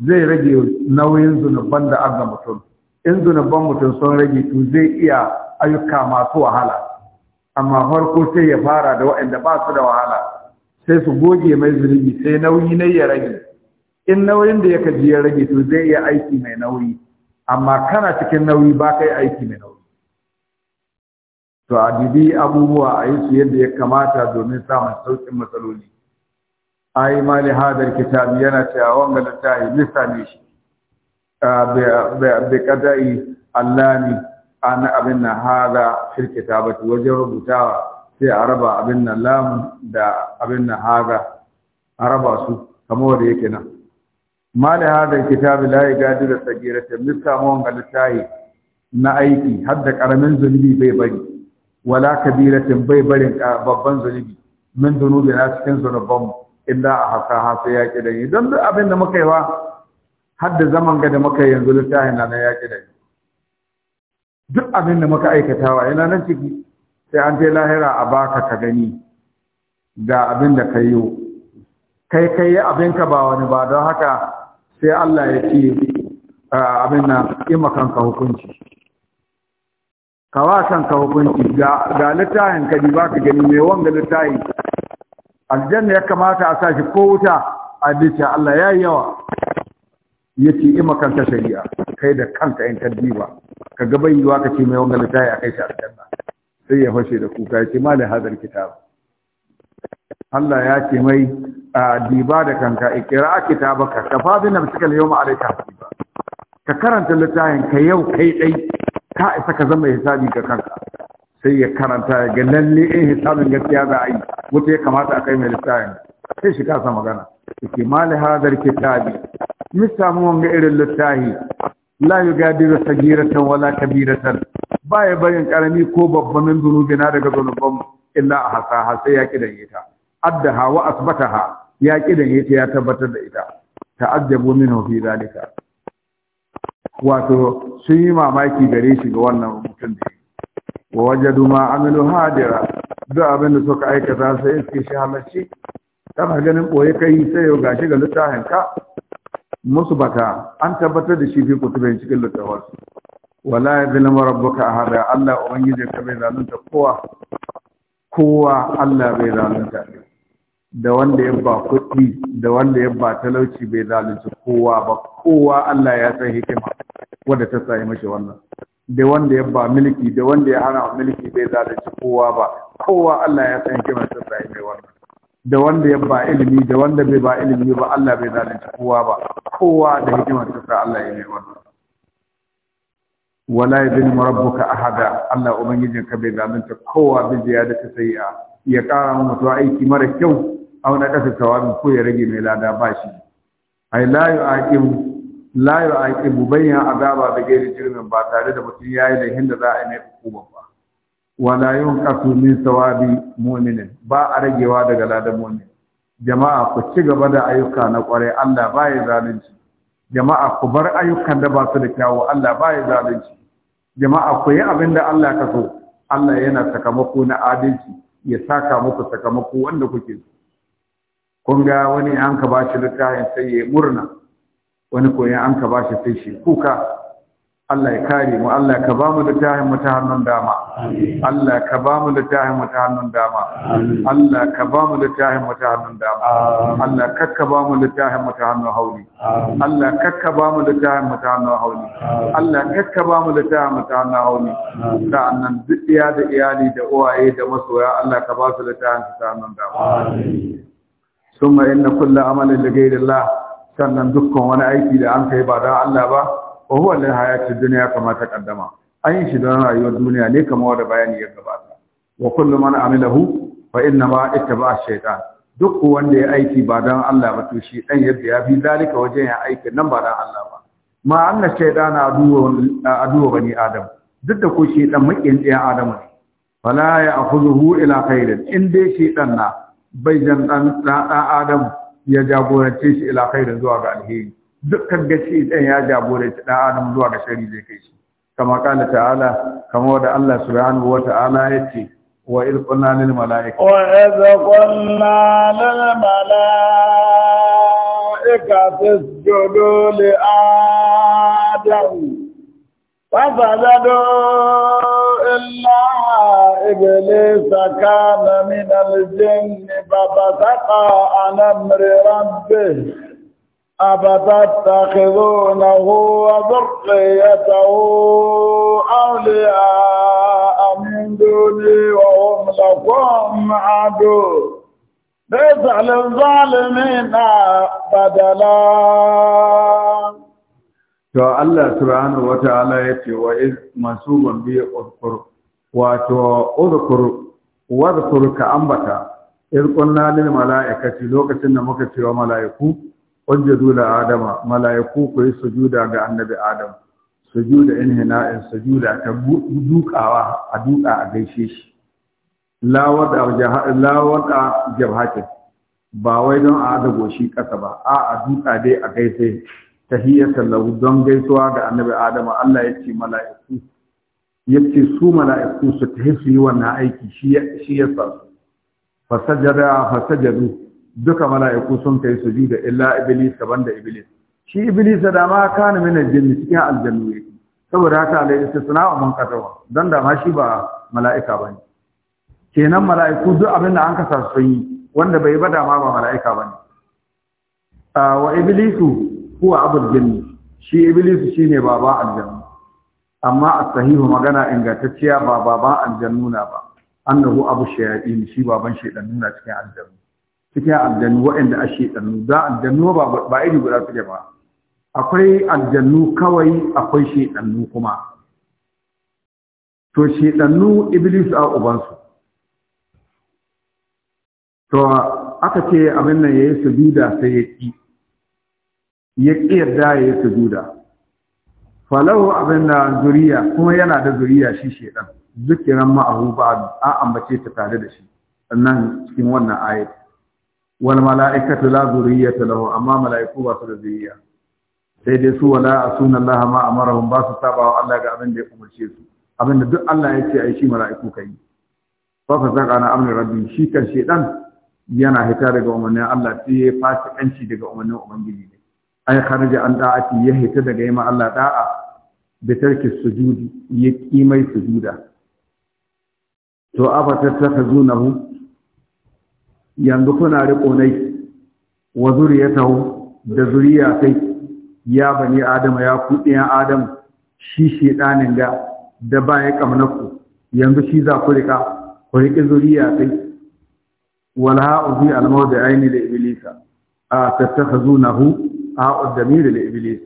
zai rage nauyin zunuban da aga mutum in zunuban mutum sun rage to zai iya ayyuka masu wahala amma farko sai ya fara da waɗanda ba su da wahala sai su goge mai zunubi sai nauyi ne ya rage in nauyin da ya kaji ya rage to zai iya aiki mai nauyi amma kana cikin nauyi ba kai aiki mai nauyi to a dibi abubuwa a yi su yadda ya kamata domin samun sauƙin matsaloli yi mali hadar kitabi yana cewa wanga littafi lissa ne shi bi qada'i ni an abin nan shirke fil kitabati wajen rubutawa sai a raba abin nan lam da abin nan haza a raba su kamar wanda yake nan ma da hada kitabi la yagadiru sagirata nisa mun ga littahi na aiki har da karamin zunubi bai bari wala kabiratin bai barin babban zunubi min zunubi na cikin zunubanmu illa a haka hasa ya da dan idan duk abin da muka yi wa har da zaman ga da muka yanzu littafin na nan yaƙi da duk abin da muka aikatawa yana nan ciki sai an je lahira a baka ka gani ga abin da ka yi kai kai yi abin ka ba wani ba don haka sai Allah ya ce abin nan ima kanka hukunci kawa kanka hukunci ga littafin ka ba ka gani mai wanga littafi aljanna ya kamata a sa shi ko wuta a bisa Allah ya yi yawa ya ce ima kanta shari'a kai da kanka yan tarbiwa ka ga bai yiwa ka ce mai wanga littafi a kai shi aljanna sai ya fashe da kuka ya ce ma da hadar kitab Allah ya ce mai a diba da kanka ikira kitabaka kafa bi nafsika al-yawma alayka ba. ka karanta littafin ka yau kai dai ka isa ka zama hisabi ga kanka sai ya karanta ga lalle in eh hisabin gaskiya za a yi wuta ya kamata a kai mai littafin sai shi kasa magana yake mali hadar kitabi mun samu wanga irin littahi la yugadiru sagiratan wala kabiratan baya barin karami ko babbanin min daga zunuban illa a hasaha sai ya kidan ita addaha wa asbataha ya kidan ita ya tabbatar da ita ta'ajjabu minhu fi zalika wato sun yi mamaki gare shi ga wannan mutum da wa wajadu ma amilu hadira duk abin da suka aikata sai iske shi halarci kana ganin boye kai sai yau gashi ga littafin ka musu baka an tabbatar da shi fi kutubin cikin littafin wala ya buka a ahada Allah ubangiji ka bai zalunta kowa kowa Allah bai zalunta da wanda ya ba kuɗi da wanda ya ba talauci bai zalunci kowa ba kowa Allah ya san hikima wadda ta sami mashi wannan da wanda ya ba miliki da wanda ya hana miliki bai zalunci kowa ba kowa Allah ya san hikima ta sami mai wannan da wanda ya ba ilimi da wanda bai ba ilimi ba Allah bai zalunci kowa ba kowa da hikimar sa Allah ya mai wannan wala yadhlimu rabbuka ahada Allah ubangijin ka bai zalunta kowa bi ta sayi'a ya kara mu mutu aiki mara kyau a wani kasa tawabi ko ya rage mai lada ba shi. ai la yu'aqibu la yu'aqibu bayna azaba da gairi jirmin ba tare da mutum yayi da hinda za a yi mai hukuma ba wala kasu min sawabi mu'minin ba a ragewa daga ladan mu'min jama'a ku ci gaba da ayyuka na kwarai Allah ba ya zalunci jama'a ku bar ayyukan da ba su da kyawu Allah ba ya zalunci jama'a ku yi abin da Allah ka so Allah yana sakamako na adalci ya saka muku sakamako wanda kuke so kun ga wani an ka ba shi littafin sai ya murna wani koyi an ka ba shi sai shi kuka Allah ya kare mu Allah ka ba mu littafin mu ta hannun dama Allah ka ba mu littafin mu ta hannun dama Allah ka ba mu littafin mu ta hannun dama Allah kakka ba mu littafin mu ta hannun hauli Allah kakka ba mu littafin mu ta hannun hauli Allah kakka ba mu littafin mu ta hannun hauli sa'annan duk iya da iyali da uwaye da masoya Allah ka ba su littafin su ta hannun dama summa inna kullu amalin li ghayri sannan dukkan wani aiki da an kai ba dan Allah ba wa huwa lil duniya dunya kama an yi shi don rayuwar duniya ne kamar wadda bayani ya gabata wa kullum man amilahu fa inna ma ittaba shaytan duk wanda ya aiki ba don Allah ba to shi dan yadda ya fi zalika wajen ya aiki nan ba dan Allah ba ma anna na aduwa bani adam duk da ko shi dan makin ɗayan adamu ne fala ya akhuzuhu ila khairin in dai shi dan na bai jan dan adam ya jagorance shi ila khairin zuwa ga alheri dukkan gashi ɗan ya jagoranci ɗan adam zuwa ga shari zai kai shi kama kala ta'ala kama wada Allah subhanahu wa ta'ala ya ce wa iz lil mala'ika wa iz qulna lil mala'ika tasjudu li adam fasajadu إلا إبليس كان من الجن ففسق عن أمر ربه أفتتخذونه وذريته أولياء من دوني وهم لكم عدو بئس للظالمين بدلا to Allah subhanahu wataala yace wa iz masuban bi udkur wato udkur wadhkur ka ambata iz qulna lil malaikati lokacin da muka ce wa malaiku wajjadu la adama mala'iku ku yi sujuda ga annabi adam sujuda inhina'in sujuda ta dukawa a duka a gaishe shi la wada jabhatin ba wai don a da shi ƙasa ba a a duka dai a gaishe ta lahu don gaisuwa ga annabi adam Allah ya ce mala'iku yace su mala'iku su tahi su wannan aiki shi ya sa su fasajadu duka mala'iku sun kai su da illa iblis kaban da iblis shi iblis da dama kanu mina jini cikin aljannu yake saboda haka alai suna wa man katawa, Don dama shi ba mala'ika ba ne. kenan mala'iku duk abin da an kasa su yi wanda bai ba dama ba mala'ika ba ne. wa iblisu kuwa abin jini, shi iblisu shine baban aljannu amma a sahihu magana ingantacciya ba baban aljannu na ba annahu abu shayatin shi baban shaydan nuna cikin aljannu cikin aljannu waɗanda a ɗannu, za aljannu ba iri guda suke ba akwai aljannu kawai akwai shaidannu kuma to shaidannu iblis a ubansu to aka ce abin nan yayi sujuda sai ya ki ya ki yadda yayi sujuda falahu abin da zuriya kuma yana da zuriya shi shaɗan zikiran ma'ahu ba a ambace ta tare da shi sannan cikin wannan ayat wal mala'ikatu la zurriyyata lahu amma mala'iku ba su da zuriya sai dai su wala asuna Allah ma amarahum ba su wa Allah ga abin da ya umarce su abin da duk Allah ya ce ai shi mala'iku kai fa fa zaka na amrin rabbi shi kan shedan yana hita daga umarnin Allah sai ya kanci daga umarnin ubangiji ne ai kharaja an da'ati ya hita daga yima Allah da'a bi tarki sujudi ya kimai sujuda to afa tattakhuzunahu yanzu kuna riko nai wa zuriyatahu da zuriya kai ya bani adama ya ku ɗiyan adam shi danin ga da ba ya ku yanzu shi za ku rika ku riƙi zuriya kai wal ha'u bi al mawdi aini da iblisa a tattakhazunahu ha'u damir li iblis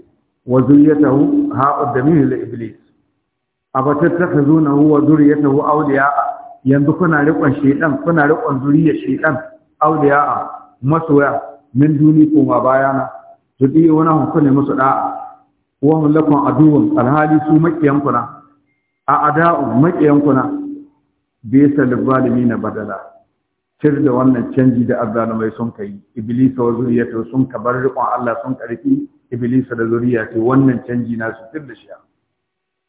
wa zuriyatahu ha'u damir li iblis aba tattakhazunahu wa zuriyatahu awliya yanzu kuna riƙon shedan kuna riƙon zuriyar shedan auliya'a masoya min duni koma bayana su bi wani ne musu ɗa'a wa hum lakum aduwun alhali su maƙiyan kuna a ada'u maƙiyan kuna bi salibbalimi na badala cir da wannan canji da azzalumai sun kai iblis wa zuriyatu sun ka Allah sun karfi iblis da zuriyatu ce wannan canji na su cir da shi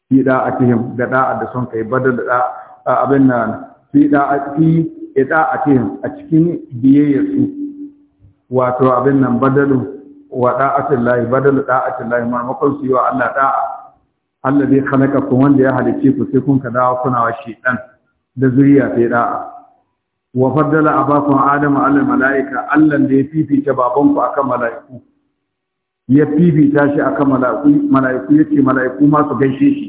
fi da'atihim da da'a da sun kai badal da abin nan fi da'ati ita a cikin biyayyarsu wato abin nan badalu wa da'atin lahi badalu da'atin lahi maimakon su yi wa Allah da'a Allah zai halaka ku wanda ya halicce ku sai kun ka dawo kuna wa shedan da zuriya sai da'a wa faddala abakum adama alal malaika Allah da ya fifita babanku akan malaiku ya fifita shi akan malaiku malaiku yace malaiku ma su gaishe shi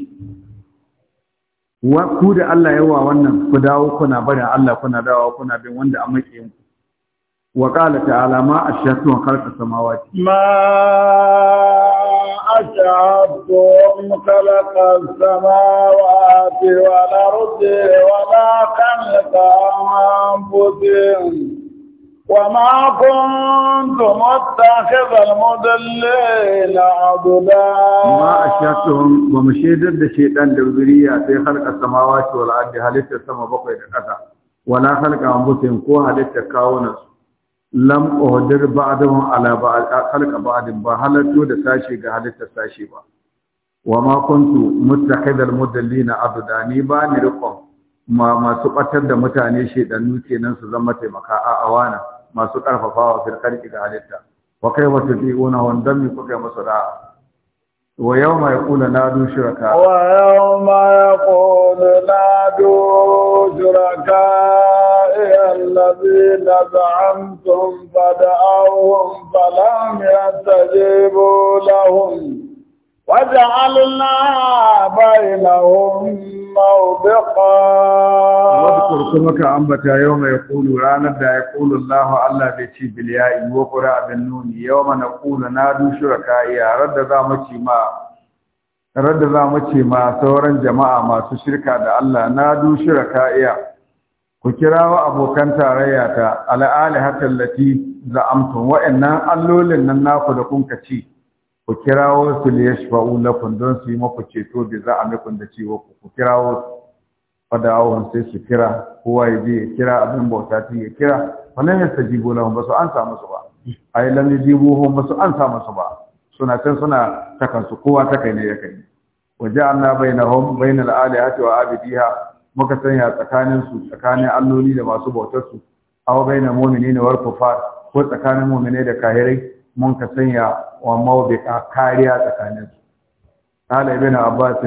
ku da Allah yawa wannan ku dawo kuna barin Allah kuna dawo kuna bin wanda a mace yanku. wa qala ta'ala ma ashhadu wa khalaqa samawati ma ashhadu an khalaqa samawati wal ardi wa ma khalaqa anfusahum وما كنت متخذ المدلل عبدا ما أشهدتهم ومشيدد الشيطان دورية في خلق السماوات والأرض هلت السماء بقية الأسى ولا خلق أنفسهم كو هلت كاونس لم uhdir بعدهم على بعد خلق بعد ba halatu da sashi ga halitta sashi ba wa ma kuntu muttakhidal mudallina abdani ba ni riqon ma masu batar da mutane shedannu kenan su zama taimaka a awana masu ƙarfafa wa firkarki ga halitta wa kai wasu fi una wanda mi kuka masu da wa yau ma ya kula na du raka. wa yau ma ya kula na du raka, iyan nabi na za'antum fada'awun falam ya tajibu hun, wajen alina bai lahun موبقا واذكر كما كأنبت يوم يقول رانا دا يقول الله الله بيتي بالياء وقراء بالنون يوم نقول نادو شركائي رد ذا مكي ما رد ذا مكي ما سورا جماعة ما تشركا دا الله نادو شركائي وكراو أبو كان تارياتا على آلهة التي زعمتم وإنا اللول لنناقض كنكتي ku kirawo su li yashfa'u lakum don su yi maku ceto a za'amikum da ciwo ku ku kirawo su sai su kira kowa ya je ya kira abin bauta tun ya kira wannan ya sajibo lahum basu an samu su ba ai lam yajibuhum basu an samu su ba suna can suna takan kowa ta kai ne ya kai waja'alna bainahum bainal alihati wa abidiha muka sanya tsakanin su tsakanin alloli da masu bautar su aw bainal mu'minina wal kufar ko tsakanin mu'mine da kahirai mun ka sanya wa a kariya tsakanin su qala ibn abbas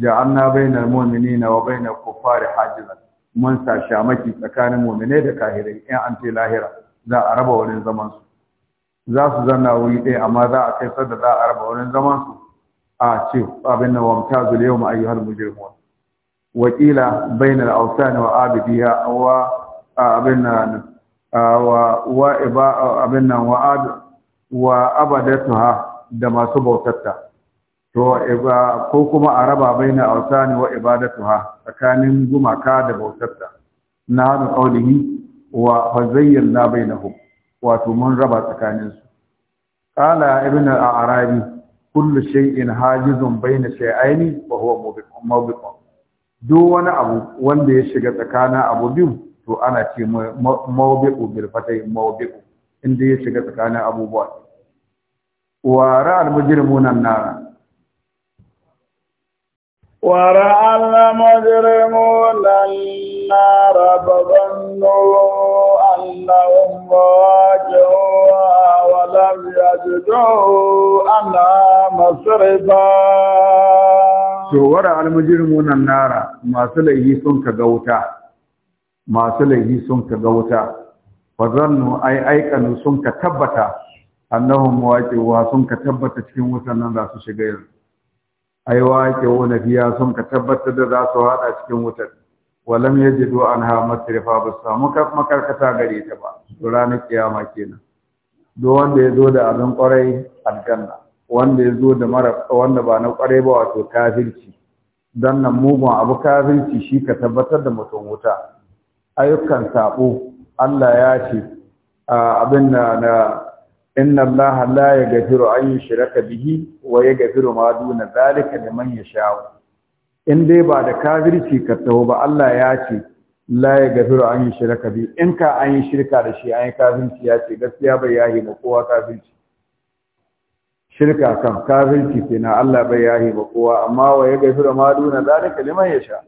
ja'alna bainal mu'minina wa bainal kuffari hajiza. mun sa shamaki tsakanin mu'mine da kahirai in an ce lahira za a raba wurin zaman su za su zanna wuri ɗaya amma za a kai da za a raba wurin zaman su a ce abin nan wamta zul wakila bainal awsan wa wa abin nan wa abin nan wa wa abadatuha da masu bautarta to ko kuma a raba baina autani wa ibadatuha tsakanin gumaka da bautarta na hadu qaulihi wa fazayyana bainahum wato mun raba tsakanin su qala ibn al-arabi kullu shay'in hajizun baina shay'aini wa huwa mubiqun mubiqun duk wani abu wanda ya shiga tsakanin abu biyu to ana ce mawbiqu bil fatai mawbiqu inda ya shiga tsakanin abubuwa wa ra'al mujrimuna nar wa ra'al mujrimuna nar rabbana annahum wajaha wa lam yajidu anna masriba to wa ra'al mujrimuna nar masu laifi sun kaga wuta masu laifi sun kaga wuta fazannu ai aikanu sun ka tabbata annahum waqi'uha sun ka tabbata cikin wutan nan za su shiga yanzu ai waqi'una fiya sun ka tabbata da za su hada cikin wutan walam yajidu anha matrifa ba samu makarkata gare ta ba ranar kiyama kenan duk wanda ya zo da abin kwarai aljanna wanda ya zo da mara wanda ba na kwarai ba wato kafirci dan nan mugun abu kafirci shi ka tabbatar da mutum wuta ayyukan sabo Allah ya ce abin na na inna Allah la ya yaghfiru an yi shiraka bihi wa yaghfiru ma duna zalika liman yasha in dai ba da kafirci ka taho ba Allah ya ce la ya yaghfiru an yi shiraka bihi in ka an yi shirka da shi an yi kafirci ya ce gaskiya bai yahi ba kowa kafirci shirka kan kafirci kenan Allah bai yahi ba kowa amma wa yaghfiru ma duna zalika liman yasha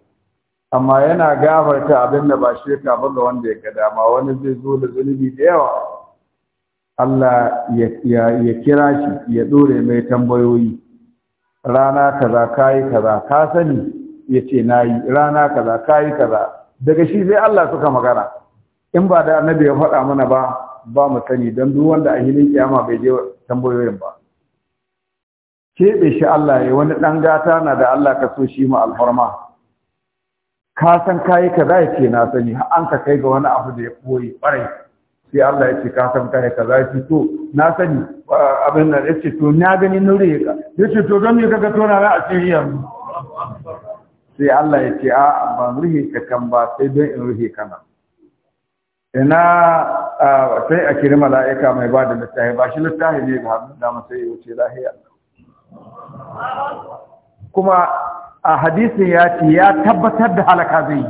amma yana gafarta abin da ba ya kafa ga wanda ya gada ma wani zai zo da zunubi da yawa Allah ya kira shi ya dore mai tambayoyi rana kaza kayi kaza ka sani ya ce rana kaza kayi kaza daga shi sai Allah suka magana in ba da annabi ya faɗa mana ba ba mu sani don duk wanda a hilin kiyama bai je tambayoyin ba keɓe shi Allah ya wani ɗan gata na da Allah ka so shi ma alfarma ka san kayi kaza ya ce na sani har an ka kai ga wani abu da ya koyi kwarai sai Allah ya ce ka san kayi kaza ya ce to na sani abin nan ya ce to na gani nuri ka ya ce to don me kaga tona na a cikin yanzu sai Allah ya ce a ban ruhe ka kan ba sai don in ruhe kana ina sai a kiri mala'ika mai ba da littafi ba shi littafi ne ga hannun dama sai ya wuce lahiya kuma a hadisin ya ce ya tabbatar da halaka zai yi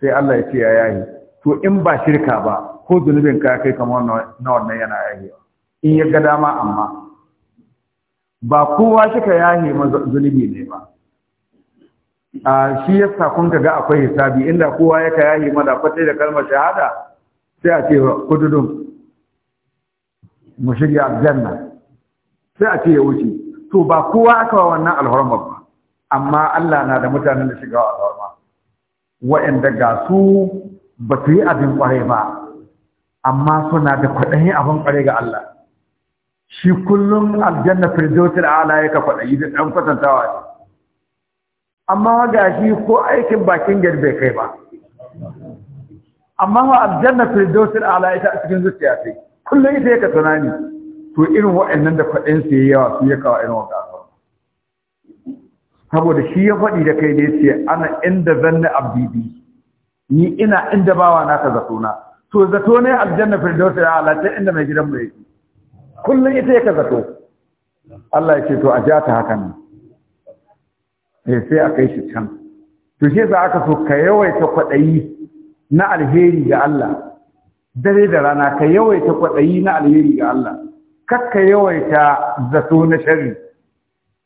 sai Allah ya ce ya yayi to in ba shirka ba ko zunubin ka kai kamar na wannan yana yayi in ya ga dama amma ba kowa shika yayi ma zunubi ne ba a shi yasa kun ga akwai hisabi inda kowa ya ka yayi ma da kwatai da kalmar shahada sai a ce kududun mu shirya aljanna sai a ce ya wuce to ba kowa aka wa wannan alhormar amma Allah na da mutanen da shiga alwarma waɗanda ga su ba su yi abin ƙware ba amma suna da kwaɗayi abin ƙware ga Allah shi kullum aljanna firdausul ala yaka kwaɗayi da ɗan kwatantawa ne amma ga shi ko aikin bakin gari bai kai ba amma wa aljanna firdausul ala ita a cikin zuciya sai kullum ita ka tunani to irin waɗannan da kwaɗayin su yi yawa su ya kawo irin saboda shi ya faɗi da kai ne ce ana inda zanne abdibi ni ina inda bawa na ka zato na to zato ne aljanna firdausi ya halatta inda mai gidan mu yake kullun ita yake zato Allah ya ce to a ja ta haka ne eh sai a kai shi can to shi yasa aka so ka yawaita kwadayi na alheri ga Allah dare da rana ka yawaita kwadayi na alheri ga Allah kakka yawaita zato na sharri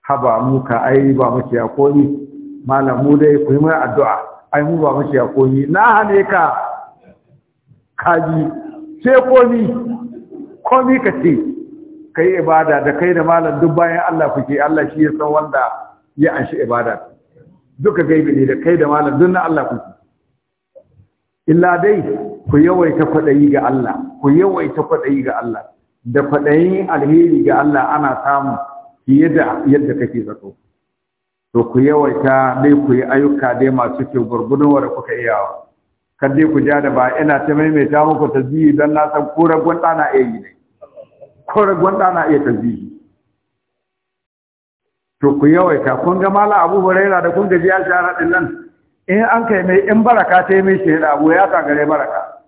haba mu ka ai ba mu ciya koyi malam mu dai ku yi mai addu'a ai mu ba mu ciya koyi na hane ka kaji sai komi komi ka ce kai ibada da kai da malam duk bayan Allah kuke Allah shi ya san wanda ya anshi ibada duka gaibi ne da kai da malam duk na Allah kuke illa dai ku yawaita kwaɗayi ga Allah ku yawaita kwaɗayi ga Allah da kwaɗayin alheri ga Allah ana samu fiye da yadda kake zato to ku yawaita dai ku yi ayyuka dai masu kyau gurgudun da kuka wa kan dai ku ja da ba ina ta maimaita muku tasbihi don na san ko ragon na iya yi ne ko ragon na iya tasbihi to ku yawaita kun ga mala abu huraira da kun gaji ya shara raɗin nan in an kai mai in baraka ta yi mai shahida abu ya ta gare baraka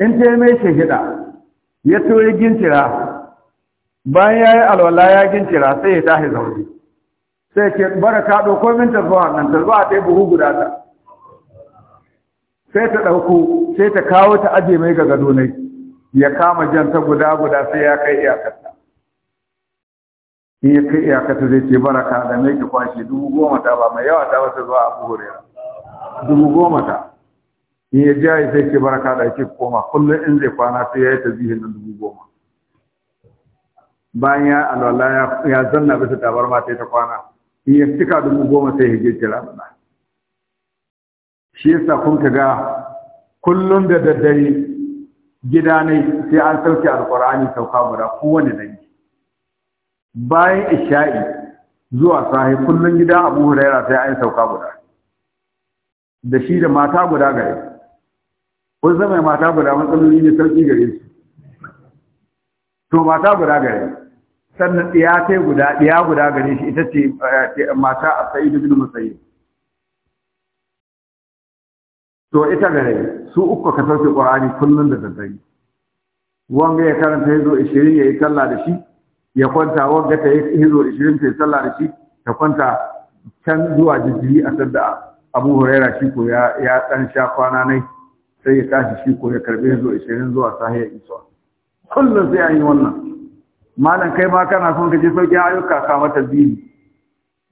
in ta yi mai shahida ya tori gintira bayan ya yi alwala ya gincira sai ya tashi zaune sai ke bara ka ɗauko min tarzuwa nan tarzuwa ta yi buhu guda ta sai ta ɗauko sai ta kawo ta aje mai ga gado ne ya kama jan ta guda guda sai ya kai iyakarta in ya kai iyakarta zai ce bara ka da mai ki kwashe dubu goma ta ba mai yawa ta wata zuwa abu hurera dubu goma ta in ya jaye sai ce bara ka da ke koma kullum in zai kwana sai ya yi ta zihin dubu goma bayan ya alwala ya zanna bisa tabar ta ta kwana in ya cika dubu goma sai hijir kira suna shi yasa kun ga kullum da daddare gida ne sai an sauke alkur'ani sauka guda kowane dangi bayan isha'i zuwa sahi kullum gida Abu Huraira sai an sauka guda da shi da mata guda gare kun zama mata guda matsaloli ne sauki gare su to mata guda gare sannan ɗiya ta guda ɗiya guda gare shi ita ce eh, eh, mata a sa'i da bin musayi to ita gare su uku ka sauke ƙwarari kullum da daddare wanga ya karanta hizo ishirin ya yi sallah da shi ya kwanta wanga ta yi hizo ishirin ta yi sallah da shi ta kwanta can zuwa jijiri a sadda abu huraira shi ko ya ɗan sha kwana nai sai ya tashi shi ko ya karɓi hizo ishirin zuwa sahiya isuwa kullum sai an yi wannan malam kai ma kana son ka je sauƙin ayyuka ka mata biyu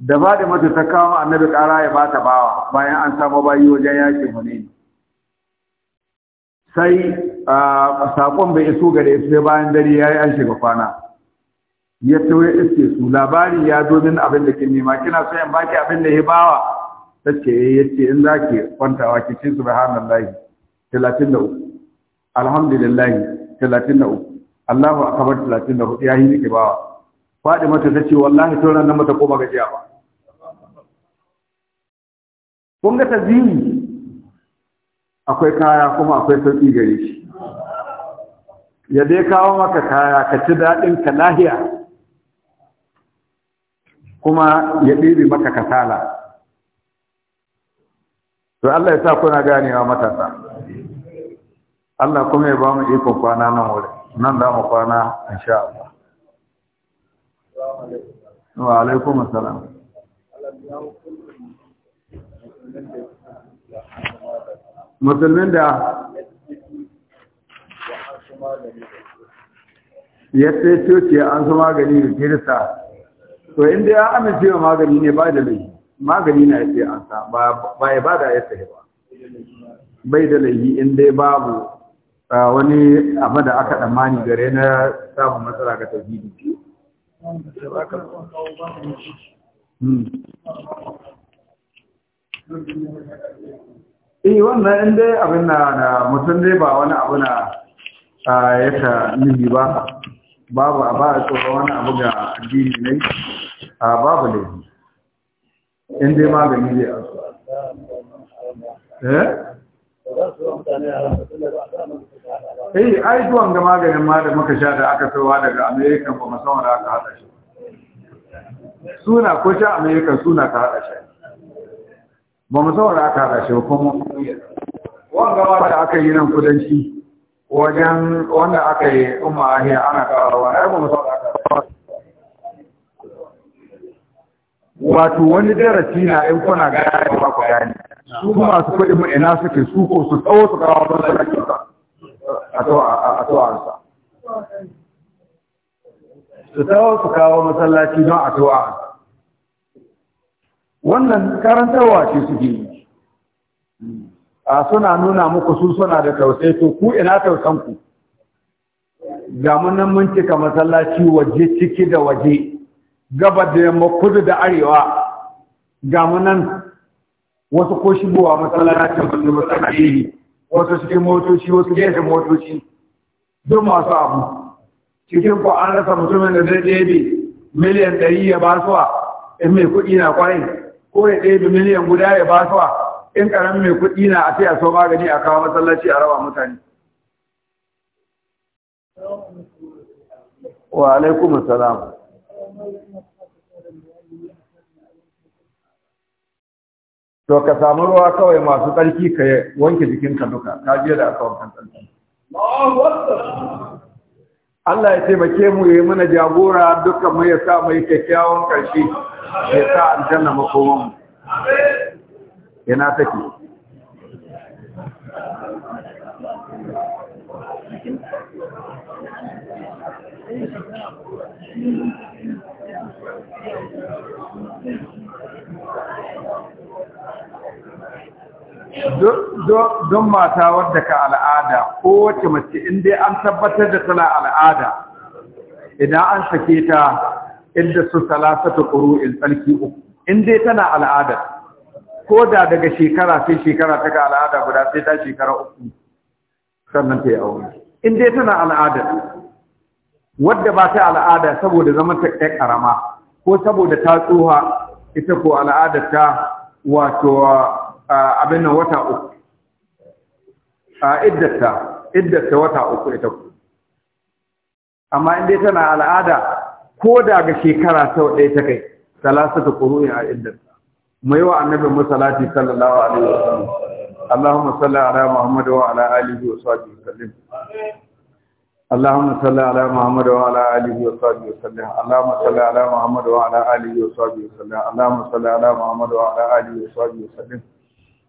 da ba da mata ta kawo annabi kara ya bata bawa bayan an samu bayi wajen yakin hunaini sai sakon bai iso gare su sai bayan dare ya yi an shiga kwana ya tauye iske su labari ya zo abin da kin nema kina so yan baki abin da ya bawa eh, ya ce in zaki kwantawa ki ci subhanallahi 33 alhamdulillah 33 Allahu akbar 34 ya yi miki bawa Fadima ta ce wallahi tauran nan mata koma gajiya ba kun ga tazini akwai kaya kuma akwai sauki gare shi ya dai kawo maka kaya ka ci daɗin ka lahiya kuma ya ɗiri maka kasala to Allah ya sa kuna ganewa matasa Allah kuma ya ba mu ikon kwana nan wurin nan da kwana kwana sha Allah wa alaikum assalam musulmin da ya ce coci an su magani da kirista to inda ya amince wa magani ne ba da laifi magani na ya ce an sa ba ya ba da ya ba bai da laifi in dai babu Ah, wani abu da aka tsammani gare na samun matsala ga tauhidi eh wannan in dai abin na mutum dai ba wani abu na ah, yaka nuhi ba babu a ba a tsoron wani abu ga addini ne a ah, babu ne in dai magani zai a eh? eh ai duwan ga maganin ma da muka sha da aka sauwa daga Amerika ba musamman da aka hada shi suna ko sha Amerika suna ka hada shi ba musamman da aka hada shi ba kuma wanga ma da aka yi nan kudanci wajen wanda aka yi umma ahiya ana karawa ai ba musamman da aka hada wato wani darasi na in kuna gane ba ku gani. su masu kuɗi ma'ina ina suke su ko su tsawo su kawo don su rake a tawa'ansa su tawo su kawo masallaci don a tawa'ansa wannan karantarwa ce suke yi a suna nuna muku su suna da tausai to ku ina tausanku ga munan mun cika masallaci waje ciki da waje gaba da yamma kudu da arewa ga munan wasu ko shigowa masallacin wani masallaci wasu cikin motoci wasu gefen motoci duk masu abu cikin ku an rasa mutumin da zai ɗebe miliyan ɗari ya ba suwa in mai kuɗi na kwarai ko ya ɗebe miliyan guda ya ba suwa in ƙaramin mai kuɗi na a sai so magani a kawo masallaci a raba mutane wa alaikum to ka samu ruwa kawai masu tsarki ka wanke jikinka duka ka je da aka wankan tsarki Allah ya taimake mu yi mana jagora dukkan mai ya sa mai kyakkyawan karshe ya sa aljanna makoman mu yana take Thank you. don mata wadda ka al'ada ko wacce mace inda an tabbatar da tana al'ada idan an sake ta inda su salasata in tsarki uku inda tana al'ada ko da daga shekara sai shekara ta ga al'ada guda sai ta shekara uku sannan ta yi aure Inda tana al'ada wadda ba ta al'ada saboda zama ta ƙarama ko saboda ta tsoha ita ko al'adar ta wato abin nan wata uku a iddata iddata wata uku ita ku amma inda dai na al'ada ko da ga shekara sau ɗaya ta kai salasata quruni a iddata mai wa annabin masalati sallallahu alaihi wa wasallam اللهم صل على محمد وعلى اله وصحبه وسلم اللهم صل على محمد وعلى اله وصحبه وسلم اللهم صل على محمد وعلى اله وصحبه وسلم اللهم صل على محمد وعلى اله وصحبه وسلم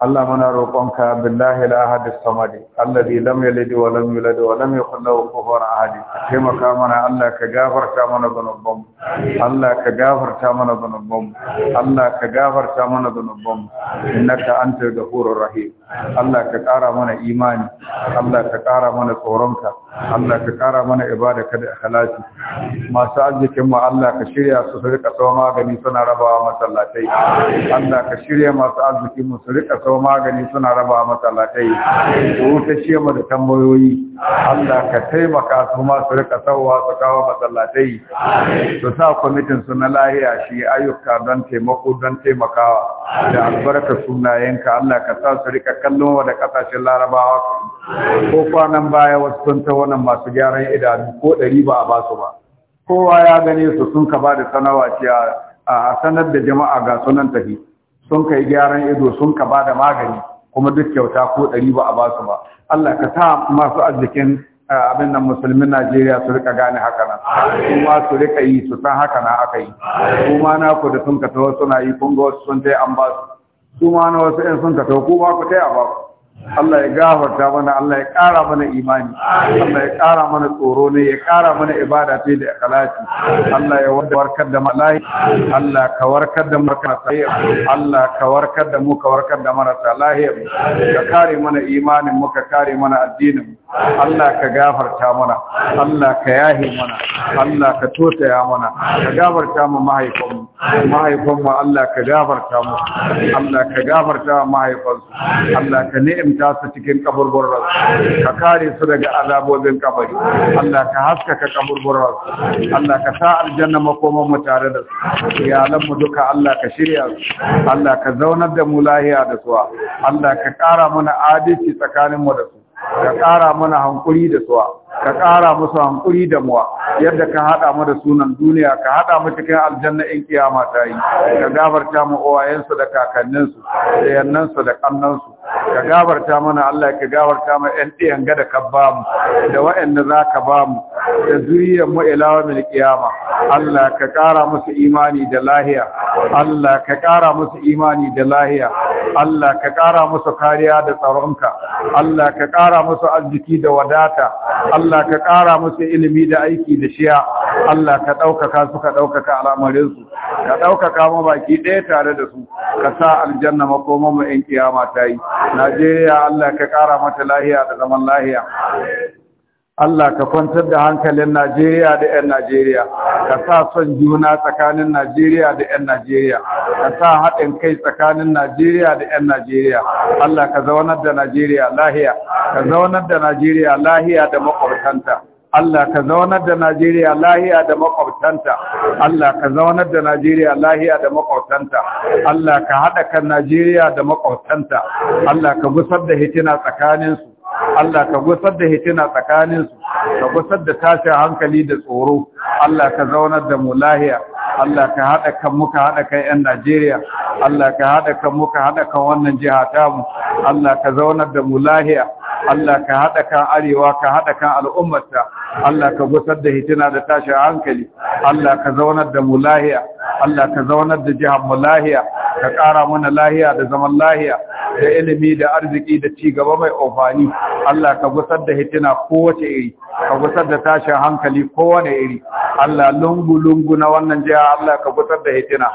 Allah muna roƙonka billahi al-ahad as-samad alladhi lam yalid wa lam yulad wa lam yakul lahu kufuwan ahad taimaka mana Allah ka gafarta mana zanubban Allah ka gafarta mana zanubban Allah ka gafarta mana zanubban innaka antal ghafurur rahim Allah ka ƙara mana imani Allah ka ƙara mana tsoronka Allah ka ƙara mana ibada ka da ikhlasi masu arzikin mu Allah ka shirya su su rika tsawon magani suna rabawa masallatai Allah ka shirya masu arzikin mu su rika tsawon magani suna rabawa masallatai ku ta da tambayoyi Allah ka taimaka su ma su rika sauwa su kawo masallatai su sa kwamitin su na lahiya shi ayyuka don taimako don taimakawa da albarka sunayenka Allah ka sa su rika kallon wa da kasashen larabawa ko kwanan baya wasu sun ta wannan masu gyaran idanu ko ɗari ba a ba su ba kowa ya gane su sun ka ba da sanawa ce, a sanar da jama'a ga sunan tafi sun kai gyaran ido sun ka ba da magani kuma duk kyauta ko ɗari ba a ba su ba Allah ka sa masu arzikin eh, abin nan musulmin Najeriya su rika gane haka nan kuma su rika yi su san haka nan aka yi kuma na ku da sun ka taho suna yi kun ga wasu sun tai an ba su kuma na wasu in sun ka taho kuma ku yi a ba ku Allah ya gafarta mana Allah ya ƙara mana imani Allah ya ƙara mana tsoro ne ya ƙara mana ibada ce da ikhlasi Allah ya warkar da malai Allah ka warkar da marasa lahiya Allah ka warkar da mu ka warkar da marasa lahiya ka kare mana imanin mu ka kare mana addinin Allah ka gafarta mana Allah ka yahi mana Allah ka ya mana ka gafarta mu mahaifanmu mahaifanmu Allah ka gafarta mu Allah ka gafarta mahaifansu Allah ka ne ni'imta su cikin kaburburar ka kare su daga azabobin kabari Allah ka haskaka kaburburar Allah ka sa aljanna makoman mu tare da su iyalanmu duka Allah ka shirya su Allah ka zaunar da mu lahiya da suwa, Allah ka kara mana adalci tsakanin mu da su ka ƙara mana hankuri da suwa ka ƙara musu hankuri da muwa yadda ka haɗa mu da sunan duniya ka haɗa mu cikin aljanna in kiyama ta yi ka gabarta mu uwayensu da kakanninsu da yannansu da kannansu ka gabarta mana Allah ka gabarta mana ƴan ɗiyan gada ka ba mu da waɗanda za ka ba mu da zuriyar mu ilawa mil kiyama Allah ka ƙara musu imani da lahiya Allah ka ƙara musu imani da lahiya Allah ka ƙara musu kariya da tsaronka Allah ka ƙara musu arziki da wadata Allah ka ƙara musu ilimi da aiki da shiya Allah ka ɗaukaka su ka ɗaukaka al'amarinsu ka ɗaukaka mabaki ɗaya tare da su ka sa aljanna makomanmu 'yan kiyama ta yi Najeriya Allah ka ƙara mata lahiya da zaman lahiya. Allah ka kwantar da hankalin Najeriya da 'yan Najeriya, ka sa son juna tsakanin Najeriya da 'yan Najeriya, ka sa haɗin kai tsakanin Najeriya da 'yan Najeriya, Allah ka zaunar da Najeriya lahiya, ka zaunar da Najeriya lahiya da maƙwabtanta. Allah ka zaunar da Najeriya lahiya da makwabtanta Allah ka zaunar da Najeriya lahiya da makwabtanta Allah ka haɗa kan Najeriya da makwabtanta Allah ka gusar da hitina tsakaninsu Allah ka gusar da hitina tsakaninsu ka gusar da tashin hankali da tsoro Allah ka zaunar da mu Allah ka haɗa kan muka haɗa kan 'yan Najeriya Allah ka haɗa kan muka haɗa kan wannan jiha tamu Allah ka zaunar da mu Allah ka haɗa kan arewa ka haɗa kan al'ummarta Allah ka gusar da hitina da tashin hankali Allah ka zaunar da mu Allah ka zaunar da jihar mu lahiya ka ƙara mana lahiya da zaman lahiya da ilimi da arziki da ci gaba mai amfani Allah ka gusar da hitina kowace iri ka gusar da tashin hankali kowane iri Allah lungu-lungu na wannan jiya Allah ka gusar da hitina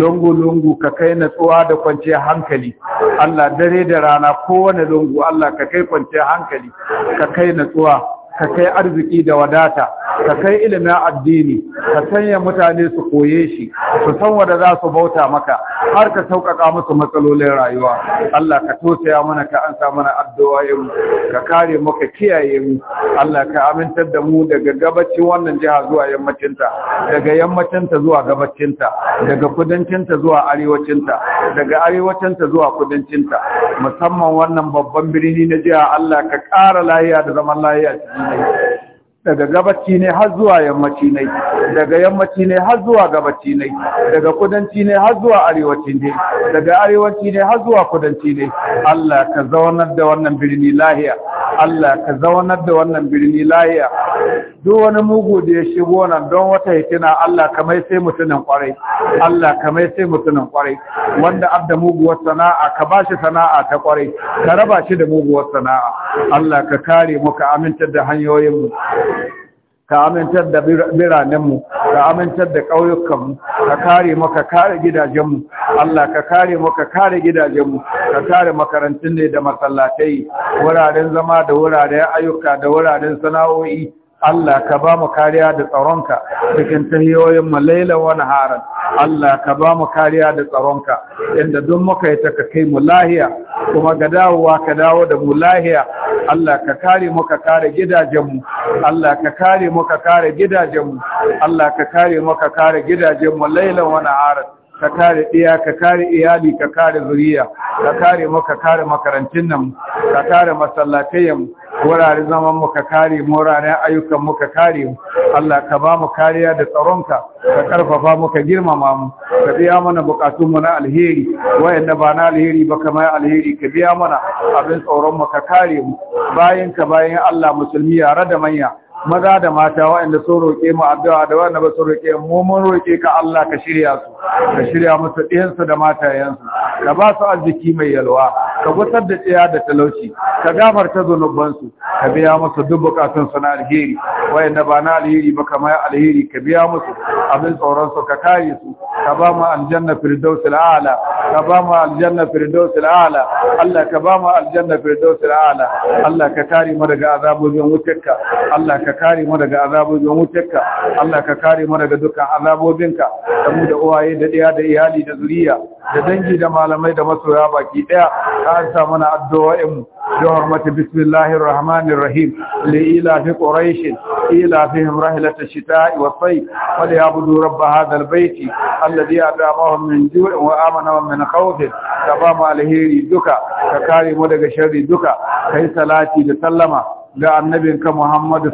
lungu-lungu ka kai natsuwa da kwanciyar hankali Allah dare da rana kowane lungu Allah ka kai kwanciyar hankali ka kai natsuwa ka kai arziki da wadata ka kai ilimin addini ka sanya mutane su koye shi su san wanda za su bauta maka har ka sauƙaƙa musu matsalolin rayuwa Allah ka tosaya mana ka ansa mana addu'o'in ka kare mu ka kiyaye mu Allah ka amintar da mu daga gabacin wannan jiha zuwa yammacinta daga yammacinta zuwa gabacinta daga kudancinta zuwa arewacinta daga arewacinta zuwa kudancinta musamman wannan babban birni na jiha Allah ka ƙara lafiya da zaman lafiya cikin life. daga gabaci ne har zuwa yammaci ne daga yammaci ne har zuwa gabaci ne daga kudanci ne har zuwa arewaci ne daga arewaci ne har zuwa kudanci ne Allah ka zaunar da wannan birni lahiya Allah ka zaunar da wannan birni lahiya duk wani mugu da ya shigo nan don wata hikima Allah ka mai sai mutunan kwarai Allah ka mai sai mutunan kwarai wanda abda muguwar sana'a ka bashi sana'a ta kwarai ka raba shi da muguwar sana'a Allah ka kare mu ka amintar da hanyoyin mu ka amintar da biranenmu ka amintar da ƙauyukanmu ka kare mu ka kare gidajenmu Allah ka kare maka kare gidajenmu ka kare makarantun ne da masallatai wuraren zama da wuraren ayyuka da wuraren sana'o'i Allah ka ba mu kariya da tsaronka cikin tahiyoyin mu laila wa naharan Allah ka ba mu kariya da tsaronka inda duk muka yi taka kai mu lahiya kuma ga dawowa ka dawo da mu lahiya Allah ka kare mu ka kare gidajen mu Allah ka kare mu ka kare gidajen mu Allah ka kare mu ka kare gidajen mu laila wa naharan ka kare ɗiya ka kare iyali ka kare zuriya ka kare mu ka kare makarantun nan ka kare masallatayen wuraren zaman mu ka kare mu wuraren ayyukan mu ka kare mu Allah ka ba mu kariya da tsaronka ka karfafa mu ka girmama mu ka biya mana bukatun mu na alheri wayanda ba na alheri ba kamar alheri ka biya mana abin tsoron mu ka kare mu bayan ka bayan Allah musulmi yare da manya maza da mata waɗanda sun roƙe mu addu'a da waɗanda ba sun roƙe mu mun roƙe ka Allah ka shirya su ka shirya musu ɗiyansu da matayensu ka ba su arziki mai yalwa ka gusar da tsaya da talauci ka gafarta zunubansu ka biya musu duk bukatun su na alheri waɗanda ba na alheri ba kamar alheri ka biya musu abin tsoron su ka kare su ka ba mu aljanna firdaus al'ala ka ba mu aljanna firdaus al'ala Allah ka ba mu aljanna firdaus al'ala Allah ka kare mu daga azabobin wutarka Allah ka ka kare mu daga azabu da mutakka Allah ka kare mu daga dukkan azabobinka da mu da uwaye da ɗaya da iyali da zuriya da dangi da malamai da masoya baki ɗaya. ka sa mana addu'o'in mu da mata, bismillahir rahmanir rahim li ila fi Shita, ila fihim rahlat ash-shita'i was-sayf wal ya'budu rabb hadha al-bayt alladhi adamahu min ju'in wa amana min duka ka kare mu daga sharri duka Ka yi salati da sallama da annabinka Muhammadu